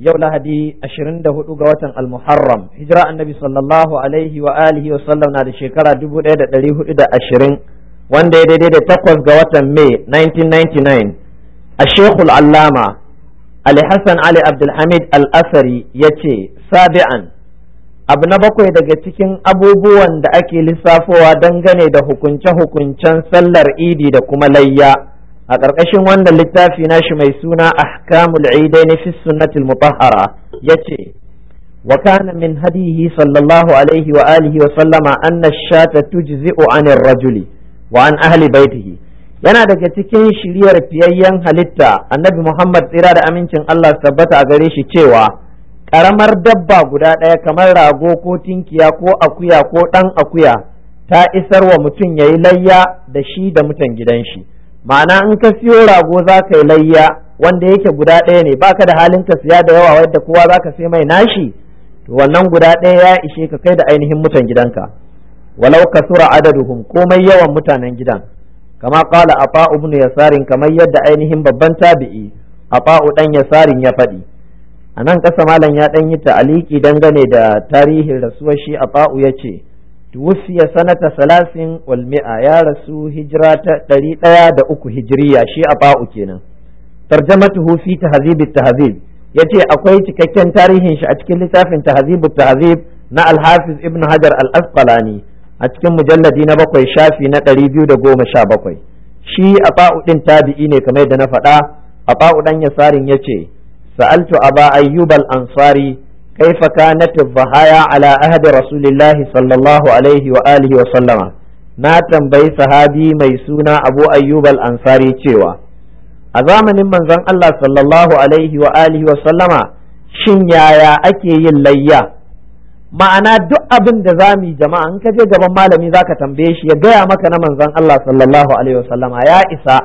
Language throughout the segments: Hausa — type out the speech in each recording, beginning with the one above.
yau lahadi 24 ga watan al-muharram hijira annabi sallallahu alaihi wa alihi wa sallam na da shekara 1420 wanda ya daidai da takwas ga watan mai 1999 a shekul allama ali hassan ali abdulhamid al-asari ya ce sabi'an abu na bakwai daga cikin abubuwan da ake lissafowa dangane da hukunce-hukuncen sallar idi da kuma layya a ƙarƙashin wanda littafi na shi mai suna ahkamul idaini fi sunnatil mutahhara yace wa kana min hadihi sallallahu alaihi wa alihi wa sallama anna shata tujzi'u anir rajuli wa an ahli baitihi yana daga cikin shiriyar fiyayyen halitta annabi Muhammad tsira da amincin Allah tabbata a gare shi cewa karamar dabba guda ɗaya kamar rago ko tinkiya ko akuya ko ɗan akuya ta isar wa mutum ya yi layya da shi da mutan gidan shi ma'ana in ka siyo rago za ka yi layya wanda yake guda ɗaya ne baka da halin ka siya da yawa wadda kowa za ka sai mai nashi to wannan guda ɗaya ya ishe ka kai da ainihin mutan gidanka walau sura adaduhum komai yawan mutanen gidan kama kala afa ibn yasarin kamar yadda ainihin babban tabi'i afa dan yasarin ya faɗi a nan ƙasa malam ya ɗan yi ta'aliki dangane da tarihin rasuwar shi afa'u ya ce tuwufiya sanata salasin walmi'a ya rasu hijira ta ɗari ɗaya da uku hijiriya shi a ba'u kenan tarjamatuhu fi tahzib tahzib yace akwai cikakken tarihin shi a cikin littafin tahzib na al-hafiz ibn hajar al-asqalani a cikin mujalladi na bakwai shafi na ɗari biyu da goma sha bakwai shi a ba'u ɗin tabi'i ne kamar da na faɗa a ba'u ɗan yasarin yace sa'altu aba ayubal ansari كيف كانت الضحايا على عهد رسول الله صلى الله عليه وآله وسلم na tambayi sahabi mai suna abu ayubal al-ansari cewa a zamanin manzon Allah sallallahu alaihi wa alihi wa sallama shin yaya ake yin layya ma'ana duk abin da zamu jama'a in ka je gaban malami zaka tambaye shi ya gaya maka na manzon Allah sallallahu alaihi wa sallama ya isa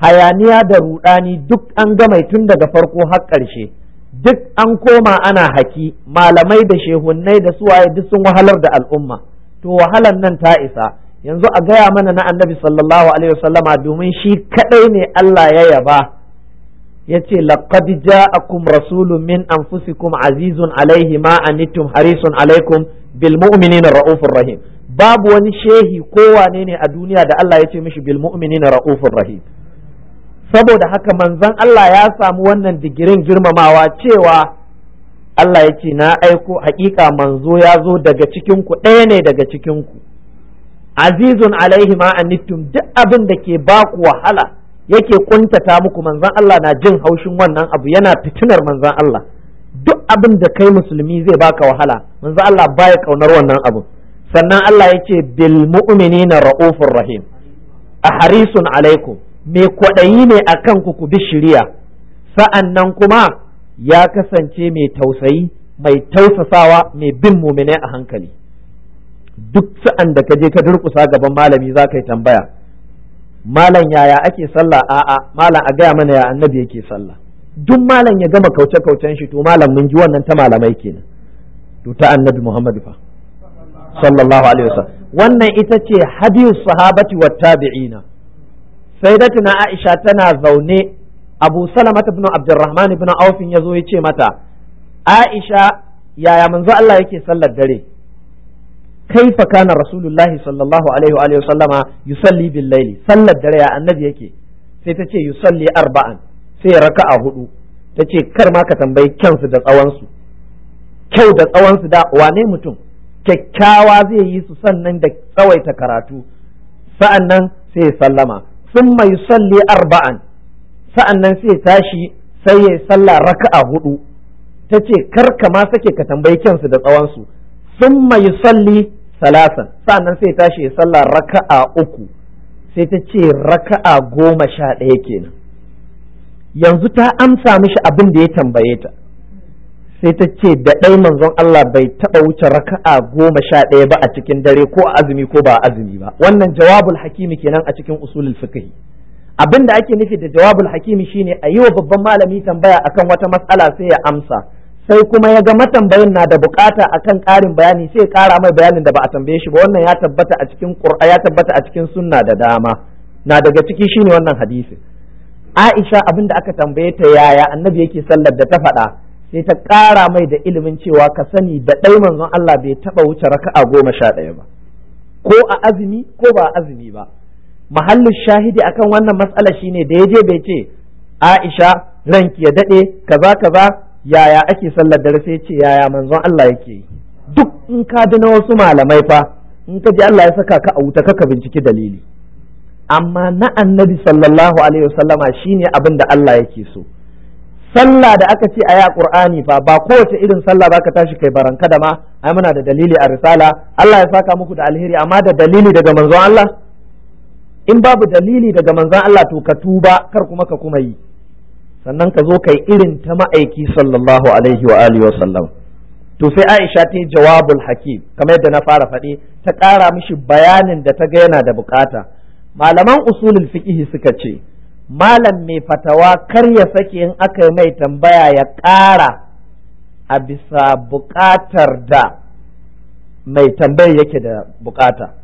hayaniya da rudani duk an ga mai tun daga farko har ƙarshe duk an koma ana haki malamai da shehunnai da suwaye duk sun wahalar da al'umma to wahalar nan ta isa yanzu a gaya mana na annabi sallallahu alaihi wasallama domin shi kadai ne Allah ya yaba ya ce laqad ja'akum rasulun min anfusikum azizun alaihi ma anittum harisun alaikum bil mu'minina raufur rahim babu wani shehi ko wane ne a duniya da Allah ya ce mishi bil mu'minina raufur rahim saboda haka manzon Allah ya samu wannan digirin girmamawa cewa Allah ya ce na aiko hakika manzo ya zo daga cikinku ɗaya ne daga cikinku azizun alaihi ma anittum duk abin da ke ba ku wahala yake kuntata muku manzon Allah na jin haushin wannan abu yana fitinar manzon Allah duk abin da kai musulmi zai baka wahala manzon Allah baya kaunar wannan abu sannan Allah ya ce bil mu'minina ra'ufur rahim a harisun alaikum mai kwaɗayi ne a kan ku ku bi shirya sa'an nan kuma ya kasance mai tausayi mai tausasawa mai bin muminai a hankali duk sa'an da ka je ka durƙusa gaban malami za ka yi tambaya malam yaya ake sallah a'a malam a gaya mana ya annabi yake sallah duk malam ya gama kauce-kaucen shi to malam mun ji wannan ta malamai kenan to ta annabi Muhammadu fa sallallahu alaihi wasallam wannan ita ce hadiyus sahabati wat tabi'ina sai sayyidatuna aisha tana zaune abu salamata ibn abdurrahman ibn auf ya zo ya ce mata aisha yaya manzo Allah yake sallar dare kaifa kana rasulullahi sallallahu alaihi wa sallama yusalli bil laili sallar dare ya annabi yake sai ta ce yusalli arba'an sai ya raka'a hudu ta ce kar ma ka tambayi kyansu da tsawonsu kyau da tsawon su da wane mutum kyakkyawa zai yi su sannan da tsawaita karatu sa'annan sai ya sallama sun mai salli arba'an sa'annan sai tashi sai ya sallah raka'a hudu ta ce kar ka ma sake ka tambayi kyansu da tsawonsu sun mai salli salasan sa'annan sai tashi ya sallah raka'a uku sai ta ce raka'a goma sha ɗaya kenan yanzu ta amsa mishi abin da ya tambaye ta sai ta ce da ɗai manzon Allah bai taɓa wuce raka'a goma sha ɗaya ba a cikin dare ko a azumi ko ba a azumi ba wannan jawabul hakimi kenan a cikin usulul fiqh abin da ake nufi da jawabul hakimi shine a yi wa babban malami tambaya akan wata matsala sai ya amsa sai kuma ya ga matambayin na da bukata akan ƙarin bayani sai ya ƙara mai bayanin da ba a tambaye shi ba wannan ya tabbata a cikin qur'a ya tabbata a cikin sunna da dama na daga ciki shine wannan hadisi Aisha abin da aka tambaye ta yaya annabi yake sallar da ta faɗa sai ta ƙara mai da ilimin cewa ka sani da ɗai manzon Allah bai taɓa wuce raka'a goma sha ɗaya ba ko a azumi ko ba a azumi ba mahallin shahidi akan wannan matsala shine da ya je bai ce Aisha ranki ya daɗe kaza kaza yaya ake sallar dare sai ce yaya manzon Allah yake yi duk in ka ji na wasu malamai fa in ka ji Allah ya saka ka a wuta ka binciki dalili amma na annabi sallallahu alaihi wasallama shine abin da Allah yake so sallah da aka ce a ya a fa ba kowace irin sallah ba ka tashi kai baranka da ma ai muna da dalili a risala Allah ya saka muku da alheri amma da dalili daga manzon Allah in babu dalili daga manzon Allah to ka tuba kar kuma ka kuma yi sannan ka zo kai irin ta ma'aiki sallallahu alaihi wa alihi wa sallam to sai Aisha ta yi jawabul hakim kamar yadda na fara faɗi ta ƙara mishi bayanin da ta ga yana da bukata malaman usulul fiqh suka ce malam mai fatawa kar ya sake in aka yi mai tambaya ya ƙara a bisa buƙatar da mai tambaya yake da buƙata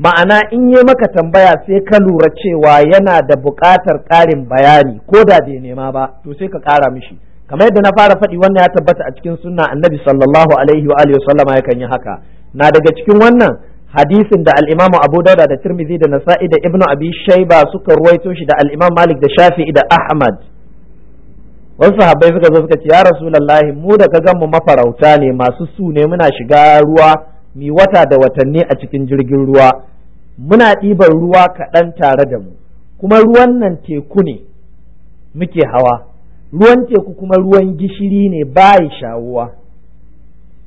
ma'ana in yi maka tambaya sai ka lura cewa yana da buƙatar ƙarin bayani ko da bai nema ba to sai ka ƙara mishi kamar yadda na fara faɗi wannan ya tabbata a cikin sunna annabi sallallahu alaihi wa sallama yakan yi haka na daga cikin wannan hadisin da al Abu dauda da Tirmidhi da Nasa'i da Ibnu Abi Shayba suka ruwaito shi da al Malik da Shafi'i da Ahmad wasu sahabbai suka zo suka ce ya Rasulullahi mu da ka ganmu mafarauta ne masu su ne muna shiga ruwa mi wata da watanni a cikin jirgin ruwa muna ɗiban ruwa kaɗan tare da mu kuma ruwan nan teku ne muke hawa ruwan teku kuma ruwan gishiri ne bayi shawuwa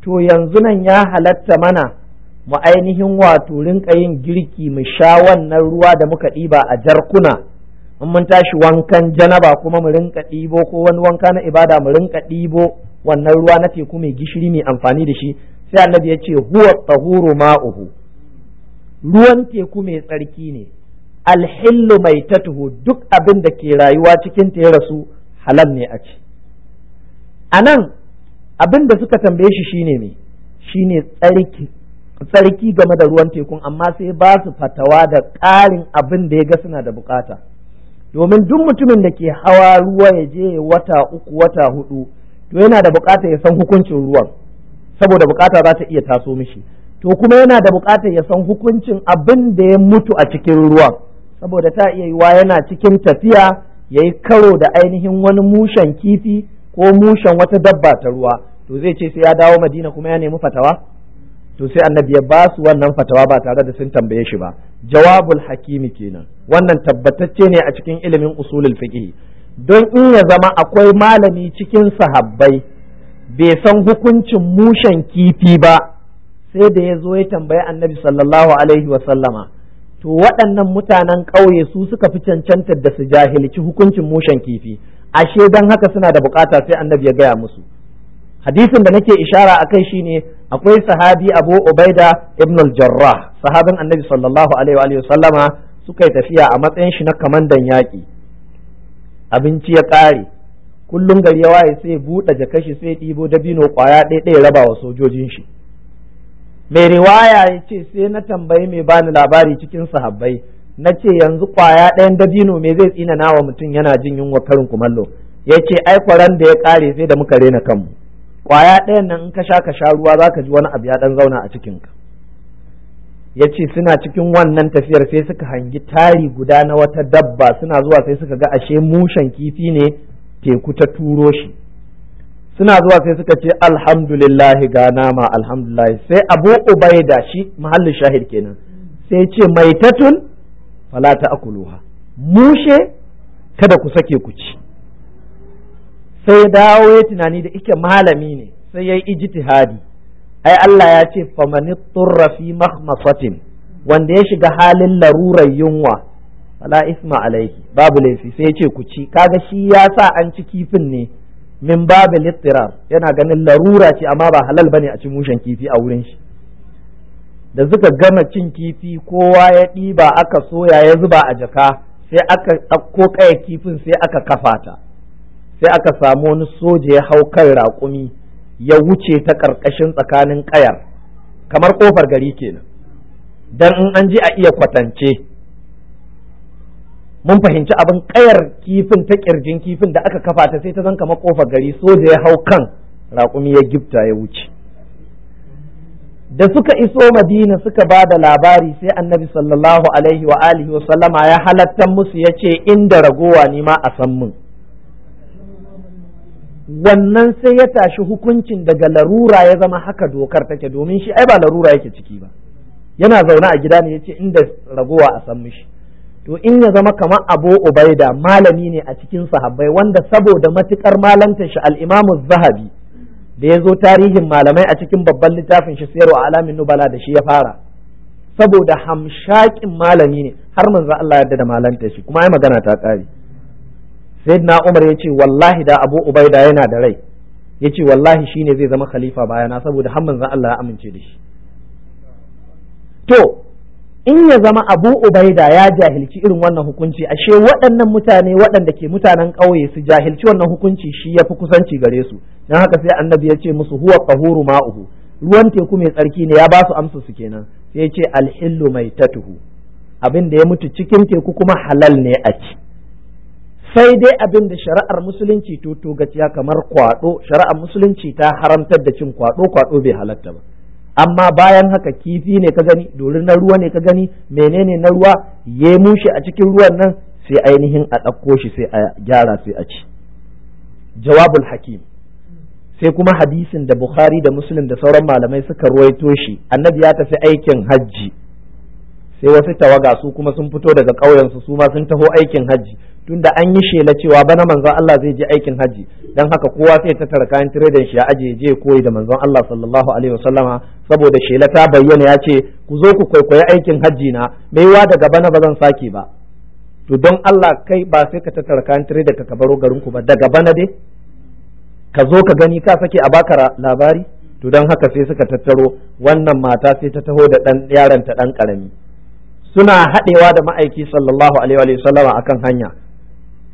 to yanzu nan ya halatta mana mu ainihin wato rinƙa yin girki mu sha wannan ruwa da muka ɗiba a jarkuna in mun tashi wankan janaba kuma mu rinka ɗibo ko wani wanka na ibada mu rinka ɗibo wannan ruwa na teku mai gishiri mai amfani da shi sai annabi ya ce huwa tahuru ma'uhu ruwan teku mai tsarki ne alhillu mai tatuhu duk abin da ke rayuwa cikin ta ya rasu halal ne a ce, a nan abin da suka tambaye shi shine me shine tsarki tsarki game da ruwan tekun amma sai ba su fatawa da ƙarin abin da ya ga suna da bukata domin duk mutumin da ke hawa ruwa ya je wata uku wata hudu to yana da bukata ya san hukuncin ruwan saboda bukata za ta iya taso mishi to kuma yana da bukata ya san hukuncin abin da ya mutu a cikin ruwan saboda ta iya yiwa yana cikin tafiya ya yi karo da ainihin wani mushen kifi ko mushen wata dabba ta ruwa to zai ce sai ya dawo madina kuma ya nemi fatawa to sai annabi ya ba su wannan fatawa ba tare da sun tambaye shi ba jawabul hakimi kenan wannan tabbatacce ne a cikin ilimin usulul fiqh don in ya zama akwai malami cikin sahabbai bai san hukuncin mushen kifi ba sai da ya zo ya tambayi annabi sallallahu alaihi wa sallama to waɗannan mutanen ƙauye su suka fi cancantar da su jahilci hukuncin mushen kifi ashe don haka suna da buƙata sai annabi ya gaya musu hadisin da nake ishara a kai shine akwai sahabi Abu Ubaida ibn al-Jarrah sahabin Annabi sallallahu alaihi wa sallama suka yi tafiya a matsayin shi na kamandan yaƙi abinci ya ƙare kullum gari ya waye sai buɗe jaka shi sai ɗibo dabino ƙwaya ɗaya raba wa sojojin shi mai riwaya ya ce sai na tambayi mai bani labari cikin sahabbai na ce yanzu ƙwaya ɗayan dabino me zai tsina nawa mutum yana jin yunwa karin kumallo yace ai kwaran da ya ƙare sai da muka rena kanmu kwaya ɗayan nan in ka sha ka sha ruwa za ka ji wani abu ya ɗan zauna a cikinka ya ce suna cikin wannan tafiyar sai suka hangi tari guda na wata dabba suna zuwa sai suka ga ashe mushen kifi ne teku ta turo shi suna zuwa sai suka ce alhamdulillahi ga nama alhamdulillahi sai abu ubaida shi mahallin shahid kenan sai ce mai tatun falata akuluha mushe kada ku sake ku ci sai ya dawo ya tunani da ike malami ne sai ya yi ijtihadi ai Allah ya ce famani turra fi mahmasatin wanda ya shiga halin larurar yunwa wala isma alaihi babu laifi sai ya ce ku ci kaga shi ya sa an ci kifin ne min babu littirar yana ganin larura ce amma ba halal bane a ci mushen kifi a wurin shi da suka gama cin kifi kowa ya ɗiba aka soya ya zuba a jaka sai aka ɗauko kaya kifin sai aka kafa ta sai aka samu wani soja ya hau kan raƙumi ya wuce ta ƙarƙashin tsakanin ƙayar kamar ƙofar gari kenan dan in an ji a iya kwatance mun fahimci abin ƙayar kifin ta ƙirjin kifin da aka kafa ta sai ta zan kama ƙofar gari soja ya hau kan raƙumi ya gifta ya wuce da suka iso madina suka ba da labari sai annabi sallallahu alaihi wa alihi ya halatta musu ya ce inda ragowa ni ma a san mun wannan sai ya tashi hukuncin daga larura ya zama haka dokar take domin shi ai ba larura yake ciki ba yana zaune a gida ne ya ce inda ragowa a san mishi to in ya zama kamar abu ubaida malami ne a cikin sahabbai wanda saboda matukar malantar shi al'imamu zahabi da ya zo tarihin malamai a cikin babban littafin shi sayarwa alamin nubala da shi ya fara saboda hamshakin malami ne har manzo Allah yarda da malantar shi kuma ai magana ta kare sayyidina umar ya ce wallahi da abu ubaida yana da rai ya ce wallahi shine zai zama khalifa bayana saboda hamman manzon Allah ya amince da shi to in ya zama abu ubaida ya jahilci irin wannan hukunci ashe waɗannan mutane waɗanda ke mutanen ƙauye su jahilci wannan hukunci shi ya fi kusanci gare su don haka sai annabi ya ce musu huwa qahuru ma'uhu ruwan teku mai tsarki ne ya ba su amsa su kenan sai ya ce alhillu mai tatuhu abin da ya mutu cikin teku kuma halal ne a ci sai dai abin da shari'ar musulunci to gaciya kamar kwado shari'ar musulunci ta haramtar da cin kwado kwado bai halatta ba amma bayan haka kifi ne ka gani dorin na ruwa ne ka gani menene na ruwa ya mushi a cikin ruwan nan sai ainihin a ɗauko shi sai a gyara sai a ci jawabul hakim sai kuma hadisin da bukhari da muslim da sauran malamai suka ruwaito shi annabi ya tafi aikin hajji sai wasu tawaga su kuma sun fito daga ƙauyensu su ma sun taho aikin hajji tunda an yi shela cewa bana manzon Allah zai je aikin haji dan haka kowa sai ta tara kayan tiredan shi ya aje je koyi da manzon Allah sallallahu alaihi wasallama saboda shela ta bayyana ya ce ku zo ku kwaikwayi aikin haji na maiwa daga bana ba zan sake ba to don Allah kai ba sai ka tara kayan tireda ka kabaro garin ku ba daga bana dai ka zo ka gani ka sake a baka labari to don haka sai suka tattaro wannan mata sai ta taho da dan yaron ta dan karami suna haɗewa da ma'aiki sallallahu alaihi wa sallama akan hanya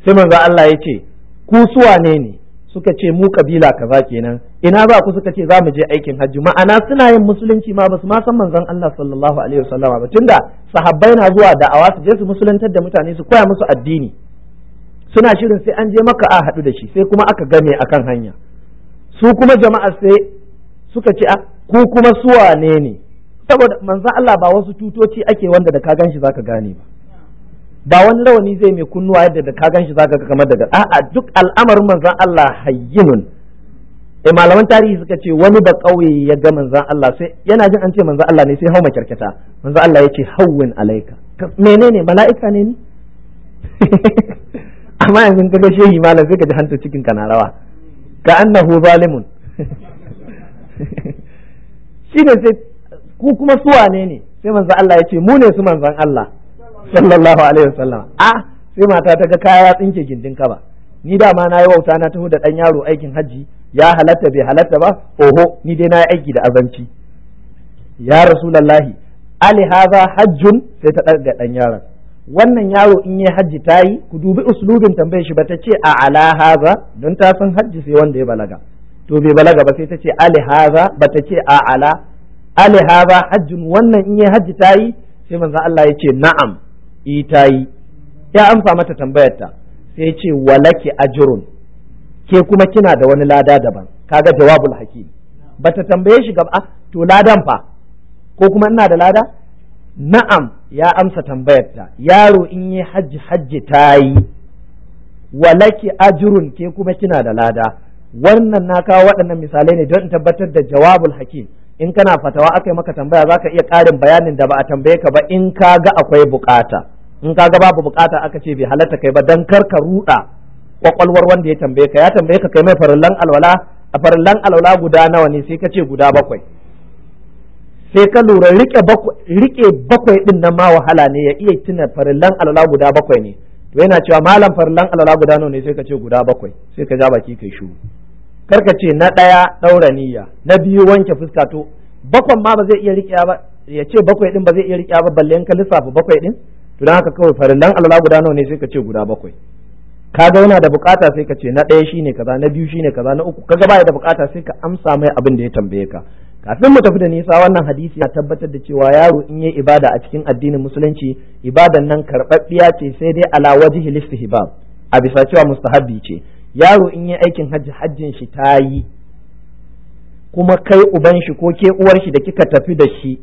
sai manzo Allah ya ce ku suwa ne ne suka ce mu kabila kaza kenan ina za ku suka ce za mu je aikin hajji ma'ana suna yin musulunci ma basu ma san manzon Allah sallallahu alaihi wasallam ba tunda sahabbai na zuwa da awa su je su musulantar da mutane su koya musu addini suna shirin sai an je maka a haɗu da shi sai kuma aka game akan hanya su kuma jama'a sai suka ce ku kuma su wane ne saboda manzon Allah ba wasu tutoci ake wanda da ka ganshi zaka gane ba ba wani rawani zai mai kunnuwa yadda da ka shi zaka ga kamar daga a'a duk al'amarin manzon Allah hayyinun eh malaman tarihi suka ce wani ba kauye ya ga manzon Allah sai yana jin an ce manzon Allah ne sai hauma kirkita manzon Allah ya ce hawwin alaika menene mala'ika ne ni amma yanzu ka ga shehi malam sai ka ji hanta cikin ka na rawa ka annahu zalimun ne sai ku kuma suwa ne ne sai manzon Allah ya ce mu ne su manzon Allah sallallahu alaihi wasallam a ah, sai mata ta ga kaya tsinke gindin kaba ni da ma nayi wauta na taho da dan yaro aikin hajji ya halatta bai halatta ba oho ni dai na nayi aiki da azanci ya rasulullahi ali hadha hajjun sai ta daga dan yaron wannan yaro in yi hajji ta yi ku dubi uslubin tambayar shi ba ta ce a ala haza don ta san hajji sai wanda ya balaga to bai balaga ba sai ta ce ali haza ba ta ce a ala ali haza hajjun wannan in yi hajji ta yi sai manzo Allah ya ce na'am E, yi. ya amsa mata tambayar ta sai ce walaki ajrun ke kuma kina da wani lada daban kaga jawabul hakim bata tambaye shi gaba ah, to ladan fa ko kuma ina da lada na'am ya amsa tambayar ta yaro in yi hajji hajji yi. walaki ajrun ke kuma kina da lada wannan na kawo waɗannan misalai ne don tabbatar da jawabul hakim in kana fatawa aka yi maka tambaya za ka iya ƙarin bayanin da ba a tambaye ka ba in ka ga akwai buƙata. in ka ga babu bukata aka ce bai halatta kai ba dan kar ka ruda kwakwalwar wanda ya tambaye ka ya tambaye ka kai mai farallan alwala a farallan alwala guda nawa ne sai ka ce guda bakwai sai ka lura rike bakwai rike bakwai din nan ma wahala ne ya iya tuna farallan alwala guda bakwai ne to yana cewa malam farallan alwala guda nawa ne sai ka ce guda bakwai sai ka ja baki kai shiru kar ka ce na ɗaya ɗaura niyya na biyu wanke fuska to bakwan ma ba zai iya riƙewa ba ya ce bakwai din ba zai iya riƙewa ba balle in ka lissafa bakwai din to dan haka kawai farillan Allah guda nawa ne sai ka ce guda bakwai ka ga yana da bukata sai ka ce na ɗaya shine kaza na biyu shine kaza na uku kaga baya da bukata sai ka amsa mai abin da ya tambaye ka kafin mu tafi da nisa wannan hadisi ya tabbatar da cewa yaro in yi ibada a cikin addinin musulunci ibadan nan karɓaɓɓiya ce sai dai ala wajhi listihbab a bisa cewa mustahabbi ce yaro in yi aikin hajji hajjin shi ta yi kuma kai uban shi ko ke uwar shi da kika tafi da shi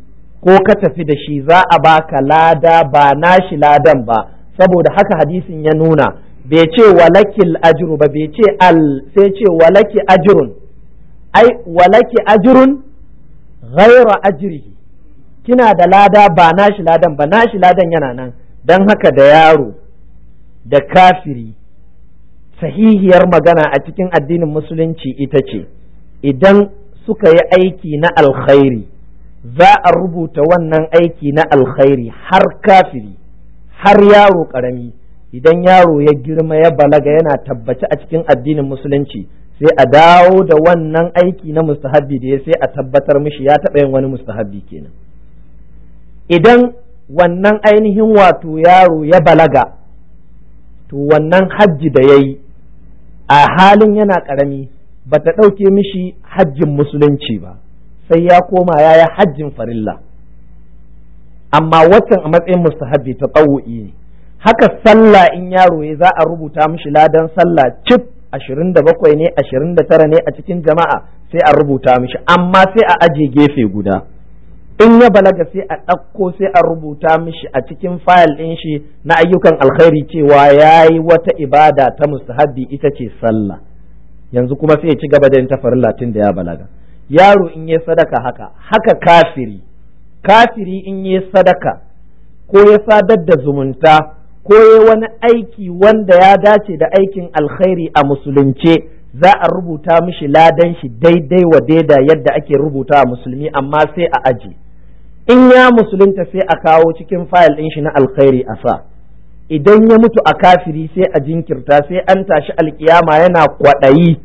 ko ka tafi da shi za a baka lada ba nashi ladan ba saboda haka hadisin ya nuna bai ce walaki ajru ba bai ce al sai ce walaki ajrun ai walaki ajrun ghaira ajrihi kina da lada ba nashi ladan ba nashi ladan yana nan dan haka da yaro da kafiri sahihiyar magana a cikin addinin musulunci ita ce idan suka yi aiki na alkhairi za a rubuta wannan aiki na alkhairi har kafiri har yaro ƙarami idan yaro ya girma ya balaga yana tabbaci a cikin addinin musulunci sai a dawo da wannan aiki na mustahabbi da ya sai a tabbatar mishi ya taɓa yin wani mustahabbi kenan idan wannan ainihin wato yaro ya balaga to wannan hajji da ya yi a halin yana ƙarami ba ta ɗauke mishi hajjin musulunci ba sai ya koma ya yi hajjin farilla amma watan a matsayin mustahabbi ta tsawo'i ne haka sallah in yaro ya za a rubuta mishi ladan sallah cif ashirin da bakwai ne ashirin da tara ne a cikin jama'a sai a rubuta mishi amma sai a aje gefe guda in ya balaga sai a ɗauko sai a rubuta mishi a cikin fayil ɗin shi na ayyukan alkhairi cewa ya yi wata ibada ta mustahabbi ita ce sallah yanzu kuma sai ya ci gaba da yin farilla tun da ya balaga yaro in yi sadaka haka haka kafiri kafiri in yi sadaka ko ya sadar da zumunta ko ya wani aiki wanda ya dace da aikin alkhairi a musulunce za a rubuta mishi ladan shi daidai wa daida yadda ake rubuta a musulmi amma sai a aji in ya musulunta sai a kawo cikin fayil ɗin shi na alkhairi a sa idan ya mutu a kafiri sai a jinkirta sai an tashi alkiyama yana kwaɗayi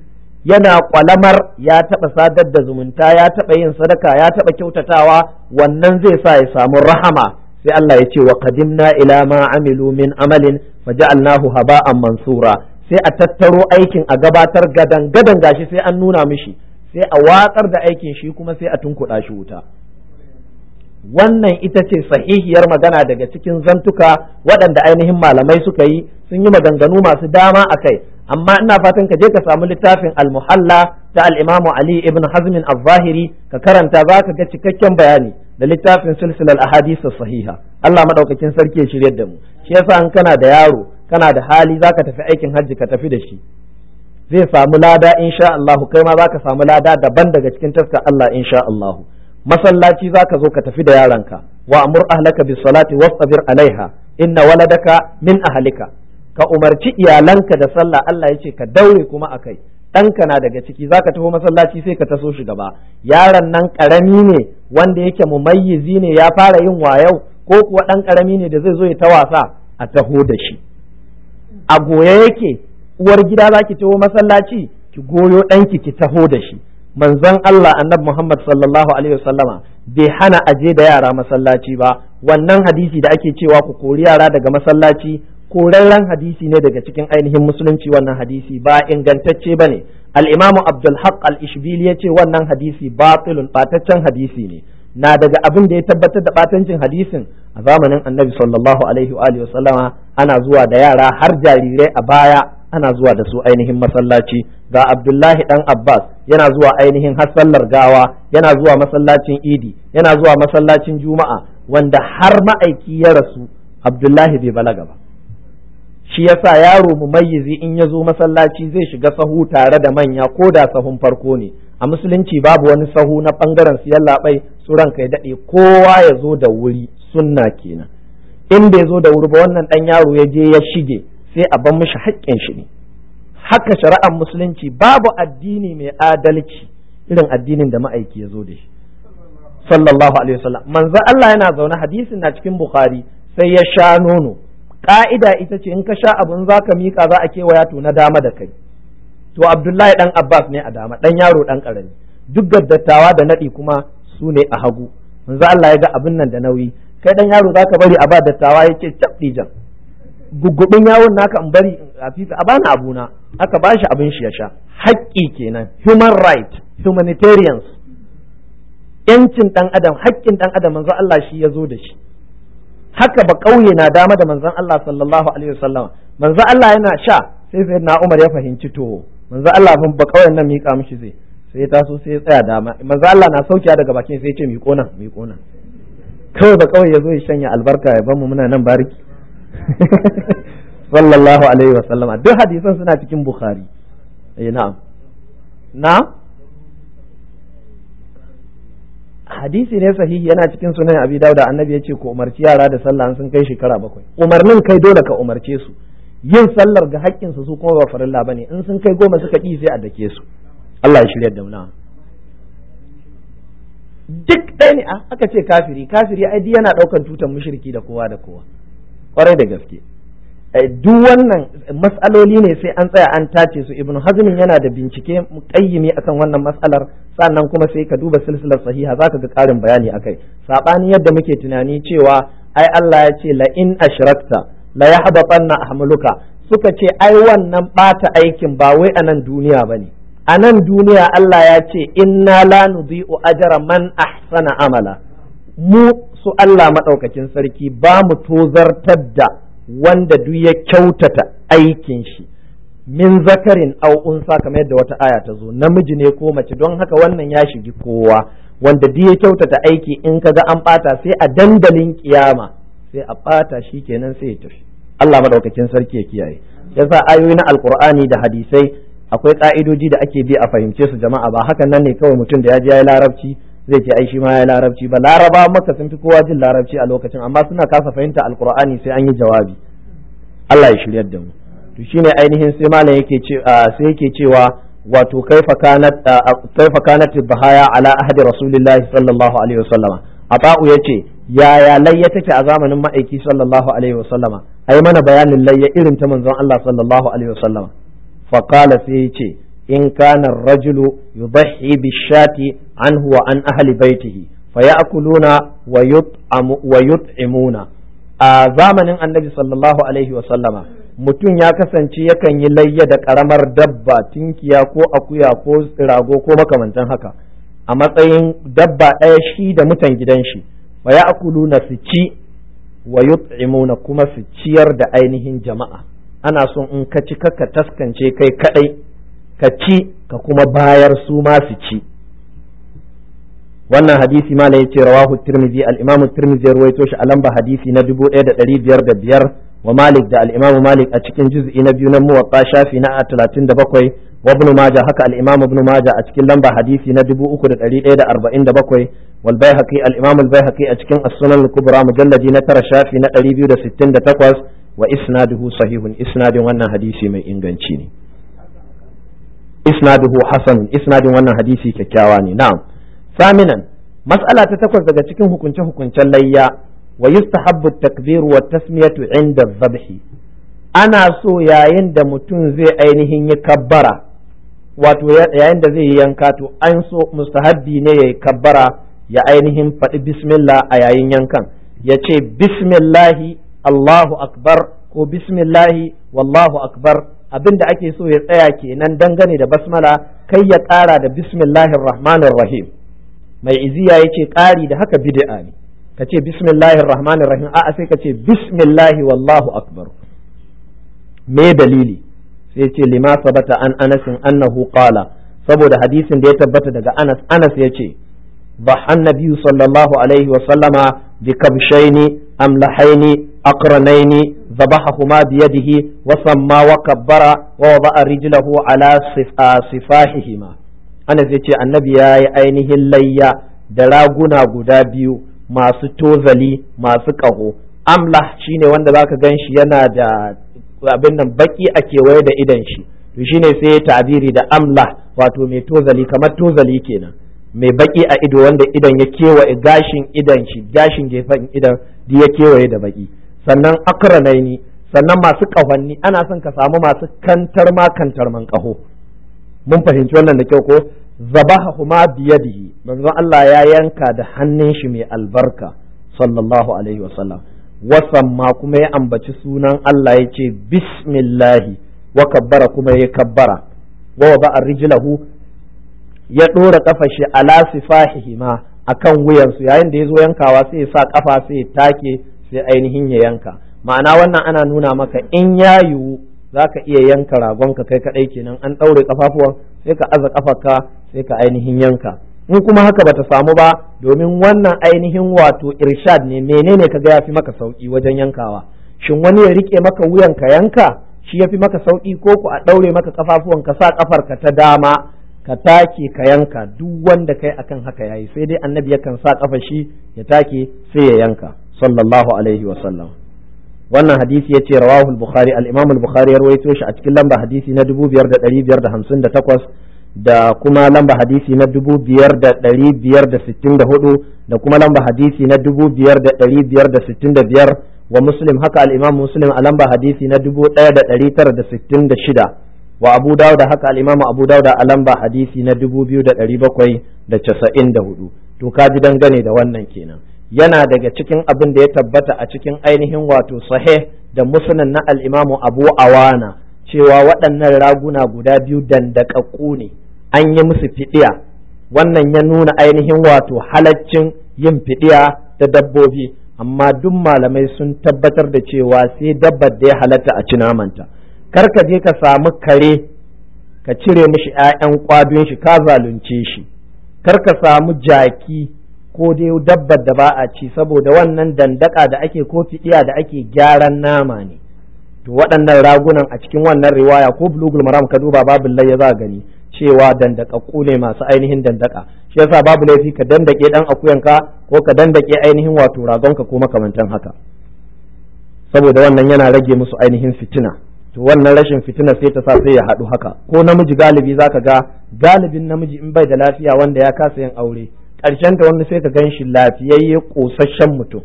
yana kwalamar ya taɓa sadar da zumunta ya taɓa yin sadaka ya taɓa kyautatawa wannan zai sa ya samu rahama sai Allah ya ce wa qadimna ila ma amilu min amalin faja'alnahu haba'an mansura sai a tattaro aikin a gabatar gadan gadan gashi sai an nuna mishi sai a watsar da aikin shi kuma sai a tunkuɗa shi wuta wannan ita ce sahihiyar magana daga cikin zantuka waɗanda ainihin malamai suka yi sun yi maganganu masu dama a kai amma ina fatan ka je ka samu littafin al-muhalla ta al-imam ali ibn hazm al-zahiri ka karanta za ka ga cikakken bayani da littafin silsilar ahadith sahiha Allah madaukakin sarki ya shiryar da mu shi yasa in kana da yaro kana da hali zaka tafi aikin hajji ka tafi da shi zai samu lada insha Allah kai ma zaka samu lada daban daga cikin taska Allah insha Allah masallaci zaka zo ka tafi da yaranka wa amur ahlaka bis salati wasbir alaiha inna waladaka min ahlika ka umarci iyalanka da sallah Allah ya ce ka daure kuma a kai ɗanka na daga ciki za ka taho masallaci sai ka taso shi gaba yaron nan ƙarami ne wanda yake mumayyizi ne ya fara yin wayau ko kuwa ɗan ƙarami ne da zai zo ya ta wasa a taho da shi a goya yake uwar gida za ki taho masallaci ki goyo ɗanki ki taho da shi manzon Allah annabi Muhammad sallallahu alaihi wasallama bai hana aje da yara masallaci ba wannan hadisi da ake cewa ku kori yara daga masallaci korarren hadisi ne daga cikin ainihin musulunci wannan hadisi ba ingantacce ba ne al'imamu abdulhaq al-ishbili ya ce wannan hadisi batilun ɓataccen hadisi ne na daga abin da ya tabbatar da batancin hadisin a zamanin annabi sallallahu alaihi wa alihi ana zuwa da yara har jarirai a baya ana zuwa da su ainihin masallaci ga abdullahi ɗan abbas yana zuwa ainihin har gawa yana zuwa masallacin idi yana zuwa masallacin juma'a wanda har ma'aiki ya rasu abdullahi bai balaga ba shi yasa yaro mu mumayyizi in ya zo masallaci zai shiga sahu tare da manya ko da sahun farko ne a musulunci babu wani sahu na bangaren su yallaɓai su ranka ya daɗe kowa ya zo da wuri sunna kenan in bai zo da wuri ba wannan ɗan yaro ya je ya shige sai a ban mishi haƙƙin shi ne haka shari'ar musulunci babu addini mai adalci irin addinin da ma'aiki ya zo da shi sallallahu alaihi wasallam manzo Allah yana zaune hadisin na cikin bukhari sai ya sha nono ka'ida ita ce in ka sha abun za ka miƙa za a kewaya to na dama da kai to abdullahi ɗan abbas ne a dama dan yaro dan karami duk da dattawa da naɗi kuma su ne a hagu manzo Allah ya ga abin nan da nauyi kai dan yaro za ka bari a ba dattawa yake tabdijan gugubin yawon naka in bari a rafisa a bani abuna aka ba shi abin shi ya sha haƙƙi kenan human right humanitarians yancin ɗan adam haƙƙin ɗan adam manzo Allah shi ya zo da shi haka ba ƙauye na dama da manzon Allah sallallahu alaihi wasallam manzon Allah yana sha sai sai na Umar ya fahimci to manzon Allah fa ba ƙauyen nan miƙa mishi zai sai ya taso sai ya tsaya dama manzon Allah na saukiya daga bakin sai ya ce miƙo nan miƙo nan kawai ba ƙauye ya zo ya shanya albarka ya bamu muna nan bariki sallallahu alaihi wasallama duk hadisan suna cikin Bukhari eh na'am na'am hadisi ne sahihi yana cikin sunan abi dauda annabi ya ce ku umarci yara da sallah sun kai shekara bakwai umarnin kai dole ka umarce su yin sallar ga haƙƙin su kuma ba farilla bane in sun kai goma suka ƙi sai a dake su Allah ya shirya da muna duk ɗaya ne aka ce kafiri kafiri ai yana ɗaukan tutan mushriki da kowa da kowa kwarai da gaske Eh, duk wannan matsaloli ne sai an tsaya an tace su ibnu hazmin yana da bincike muqayyimi akan wannan matsalar sannan kuma sai ka duba silsilar sahiha zaka ga karin bayani akai sabani yadda muke tunani cewa ai Allah ya ce la in ashrakta la yahbatanna ahmaluka suka ce ai wannan bata aikin ba wai anan duniya bane anan duniya Allah ya ce inna la nudhi'u ajra man ahsana amala mu su Allah madaukakin sarki ba mu tozartar da wanda duk ya kyautata aikin shi min zakarin au unsa kamar yadda wata aya ta zo namiji ne ko mace don haka wannan ya shigi kowa wanda duk ya kyautata aiki in kaga an bata sai a dandalin kiyama sai a bata shi kenan sai ya tafi Allah madaukakin sarki ya kiyaye yasa ayoyi na alqur'ani da hadisai akwai ka'idoji da ake bi a fahimce su jama'a ba hakan nan ne kawai mutum da ya je ya larabci zai ce ai shi ma ya larabci ba laraba maka sun fi kowa jin larabci a lokacin amma suna kasa fahimta alqur'ani sai an yi jawabi Allah ya shirya da mu to shine ainihin sai malam yake ce sai yake cewa wato kaifa kanat kaifa kanat bahaya ala ahdi rasulillahi sallallahu alaihi wasallama ata'u yace yaya layya take a zamanin ma'aiki sallallahu alaihi wasallama ai mana bayanin layya irin ta manzon Allah sallallahu alaihi wasallama fa qala sai yace in kana rajulu yudhi bi anhu huwa an ahli baitihi fa ya'kuluna wa yut'amu wa yut'imuna a zamanin annabi sallallahu alaihi wa sallama mutum ya kasance yakan yi layya da karamar dabba tinkiya ko akuya ko rago ko makamantan haka a matsayin dabba ɗaya shi da mutan gidan shi fa ya'kuluna su ci wa yut'imuna kuma su ciyar da ainihin jama'a ana son in ka ci ka taskance kai kadai ka ci ka kuma bayar su ma su ci wannan hadisi ma ya ce rawahu tirmizi al-imamu tirmizi ya ruwaito shi a lamba hadisi na 1505 wa malik da al-imamu malik a cikin juz'i na biyu na muwatta shafi na 37 wa ibn majah haka al-imamu ibn majah a cikin lamba hadisi na 3147 wal baihaqi al-imamu al-baihaqi a cikin as-sunan al-kubra mujalladi na tara shafi na 268 wa isnaduhu sahihun isnadin wannan hadisi mai inganci ne isnaduhu hasanun isnadin wannan hadisi kyakkyawa ne na'am saminan mas'ala ta takwas daga cikin hukunce hukuncen layya wa yustahabbu at-takbir wa tasmiyatu inda dhabhi ana so yayin da mutum zai ainihin yi kabbara wato yayin da zai yi yanka to an so mustahabbi ne yayi kabbara ya ainihin faɗi bismillah a yayin yankan ya ce bismillahi Allahu akbar ko bismillahi wallahu akbar abinda ake so ya tsaya kenan dangane da basmala kai ya ƙara da bismillahir mai iziya yace ƙari da haka bid'a ne ka ce bismillahir rahmanir rahim a'a sai ka ce bismillahi wallahu akbar me dalili sai ce lima sabata an anasin annahu qala saboda hadisin da ya tabbata daga Anas Anas ce bahan nabiyyu sallallahu alaihi wa sallama bi kabshaini amlahaini aqranaini ذبحهما بيده وسمى وكبر ووضع رجله على صف... صفاحهما anas ya ce annabi ya yi ainihin layya da raguna guda biyu masu tozali masu ƙaho amla shine wanda zaka gan shi yana da abin nan baki a kewaye da idan shi to shine sai ya tabiri da amla wato mai tozali kamar tozali kenan mai baki a ido wanda idan ya kewaye gashin idan shi gashin gefen idan da ya kewaye da baki sannan akranaini sannan masu ƙahonni ana son ka samu masu kantar ma kantar man ƙaho mun fahimci wannan da kyau ko zabaha huma biyadihi manzon Allah ya yanka da hannun shi mai albarka sallallahu alaihi wasallam wasamma kuma ya ambaci sunan Allah ya ce bismillahi wa kabbara kuma ya kabbara wa wada rijlahu ya dora kafashi shi ala ma akan wuyansu yayin da ya zo yankawa sai ya sa kafa sai ya take sai ainihin ya yanka ma'ana wannan ana nuna maka in ya yiwu za ka iya yanka ragon ka kai kaɗai kenan an ɗaure kafafuwan sai ka aza ƙafarka sai ka ainihin yanka in kuma haka bata samu ba domin wannan ainihin wato irshad ne menene ka ga yafi maka sauki wajen yankawa shin wani ya rike maka wuyan ka yanka shi yafi maka sauki ko ku a ɗaure maka kafafuwan ka sa ƙafar ka ta dama ka take ka yanka duk wanda kai akan haka yayi sai dai annabi yakan sa ƙafar shi ya take sai ya yanka sallallahu alaihi wa sallam wannan hadisi ya ce rawahul bukhari al-imam al-bukhari ya rawaito shi a cikin lamba hadisi na 5558 da kuma lamba hadisi na 5564 da kuma lamba hadisi na 5565 wa muslim haka al-imam muslim a lamba hadisi na 1966 wa abu dawud haka al-imam abu dawud a lamba hadisi na 2794 to ka ji dangane da wannan kenan yana daga cikin abin da ya tabbata a cikin ainihin wato sahih da Musulun na Al'imamu abu awana cewa waɗannan raguna guda biyu dandakakku ne an yi musu fiɗiya. wannan ya nuna ainihin wato halaccin yin fiɗiya da dabbobi amma duk malamai sun tabbatar da cewa sai dabbar da ya halatta a ci namanta kar ka je ka samu kare ka cire mishi 'ya'yan kwadon shi ka zalunce shi kar ka samu jaki ko dai dabbar da ba a ci saboda wannan dandaka da ake ko fidiya da ake gyaran nama ne to waɗannan ragunan a cikin wannan riwaya ko bulugul maram ka duba babu layya za gani cewa dandakakku ne masu ainihin dandaka shi yasa babu laifi ka dandake dan akuyanka ko ka dandake ainihin wato ragonka ko makamantan haka saboda wannan yana rage musu ainihin fitina to wannan rashin fitina sai ta sa sai ya haɗu haka ko namiji galibi zaka ga galibin namiji in bai da lafiya wanda ya kasa yin aure ƙarshen ta wanda sai ka gan shi lafiyayye ƙosashen mutum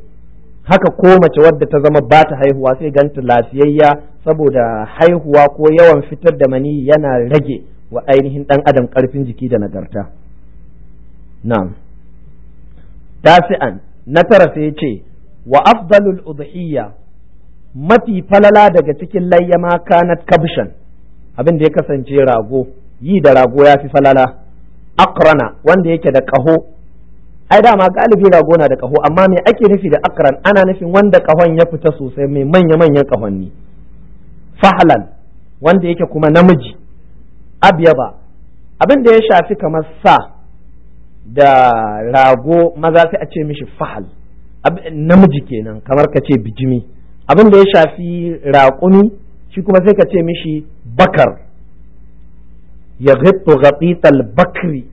haka ko mace wadda ta zama ba ta haihuwa sai ganta lafiyayya saboda haihuwa ko yawan fitar da mani yana rage wa ainihin ɗan adam ƙarfin jiki da nagarta na'am tasi'an na tara sai ce wa afdalul udhiyya mafi falala daga cikin layyama kanat kabshan abin da ya kasance rago yi da rago ya fi falala akrana wanda yake da ƙaho ai dama galibi rago na da kaho amma me ake nufi da akran ana nufin wanda kahon ya fita sosai mai manya manyan kahonni fahlan wanda yake kuma namiji abyaba abin da ya shafi kamar sa da rago maza sai a ce mishi fahal namiji kenan kamar ka ce bijimi abin da ya shafi raƙumi shi kuma sai ka ce mishi bakar ya ghittu bakri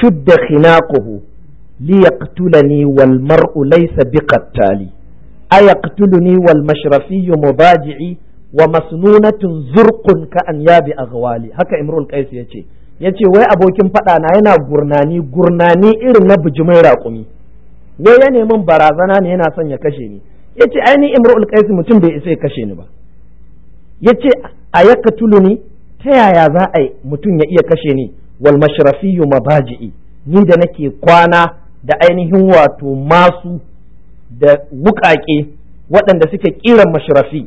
shudda khinaquhu ليقتلني والمرء ليس laysa biqattali والمشرفي wal ومسنونة زرق wa masnunatun zurqun ka an yabi aghwali haka imrul qais yace yace wai abokin faɗa na yana gurnani gurnani irin na bijimin raƙumi wai ya neman barazana ne yana son ya kashe ni yace ni imrul alqais mutum bai isa ya kashe ni ba yace tuluni ta yaya za a mutum ya iya kashe ni wal mashrafiyyu mabaji'i ni da nake kwana da ainihin wato masu da wuƙaƙe waɗanda suke ƙiran mashirafi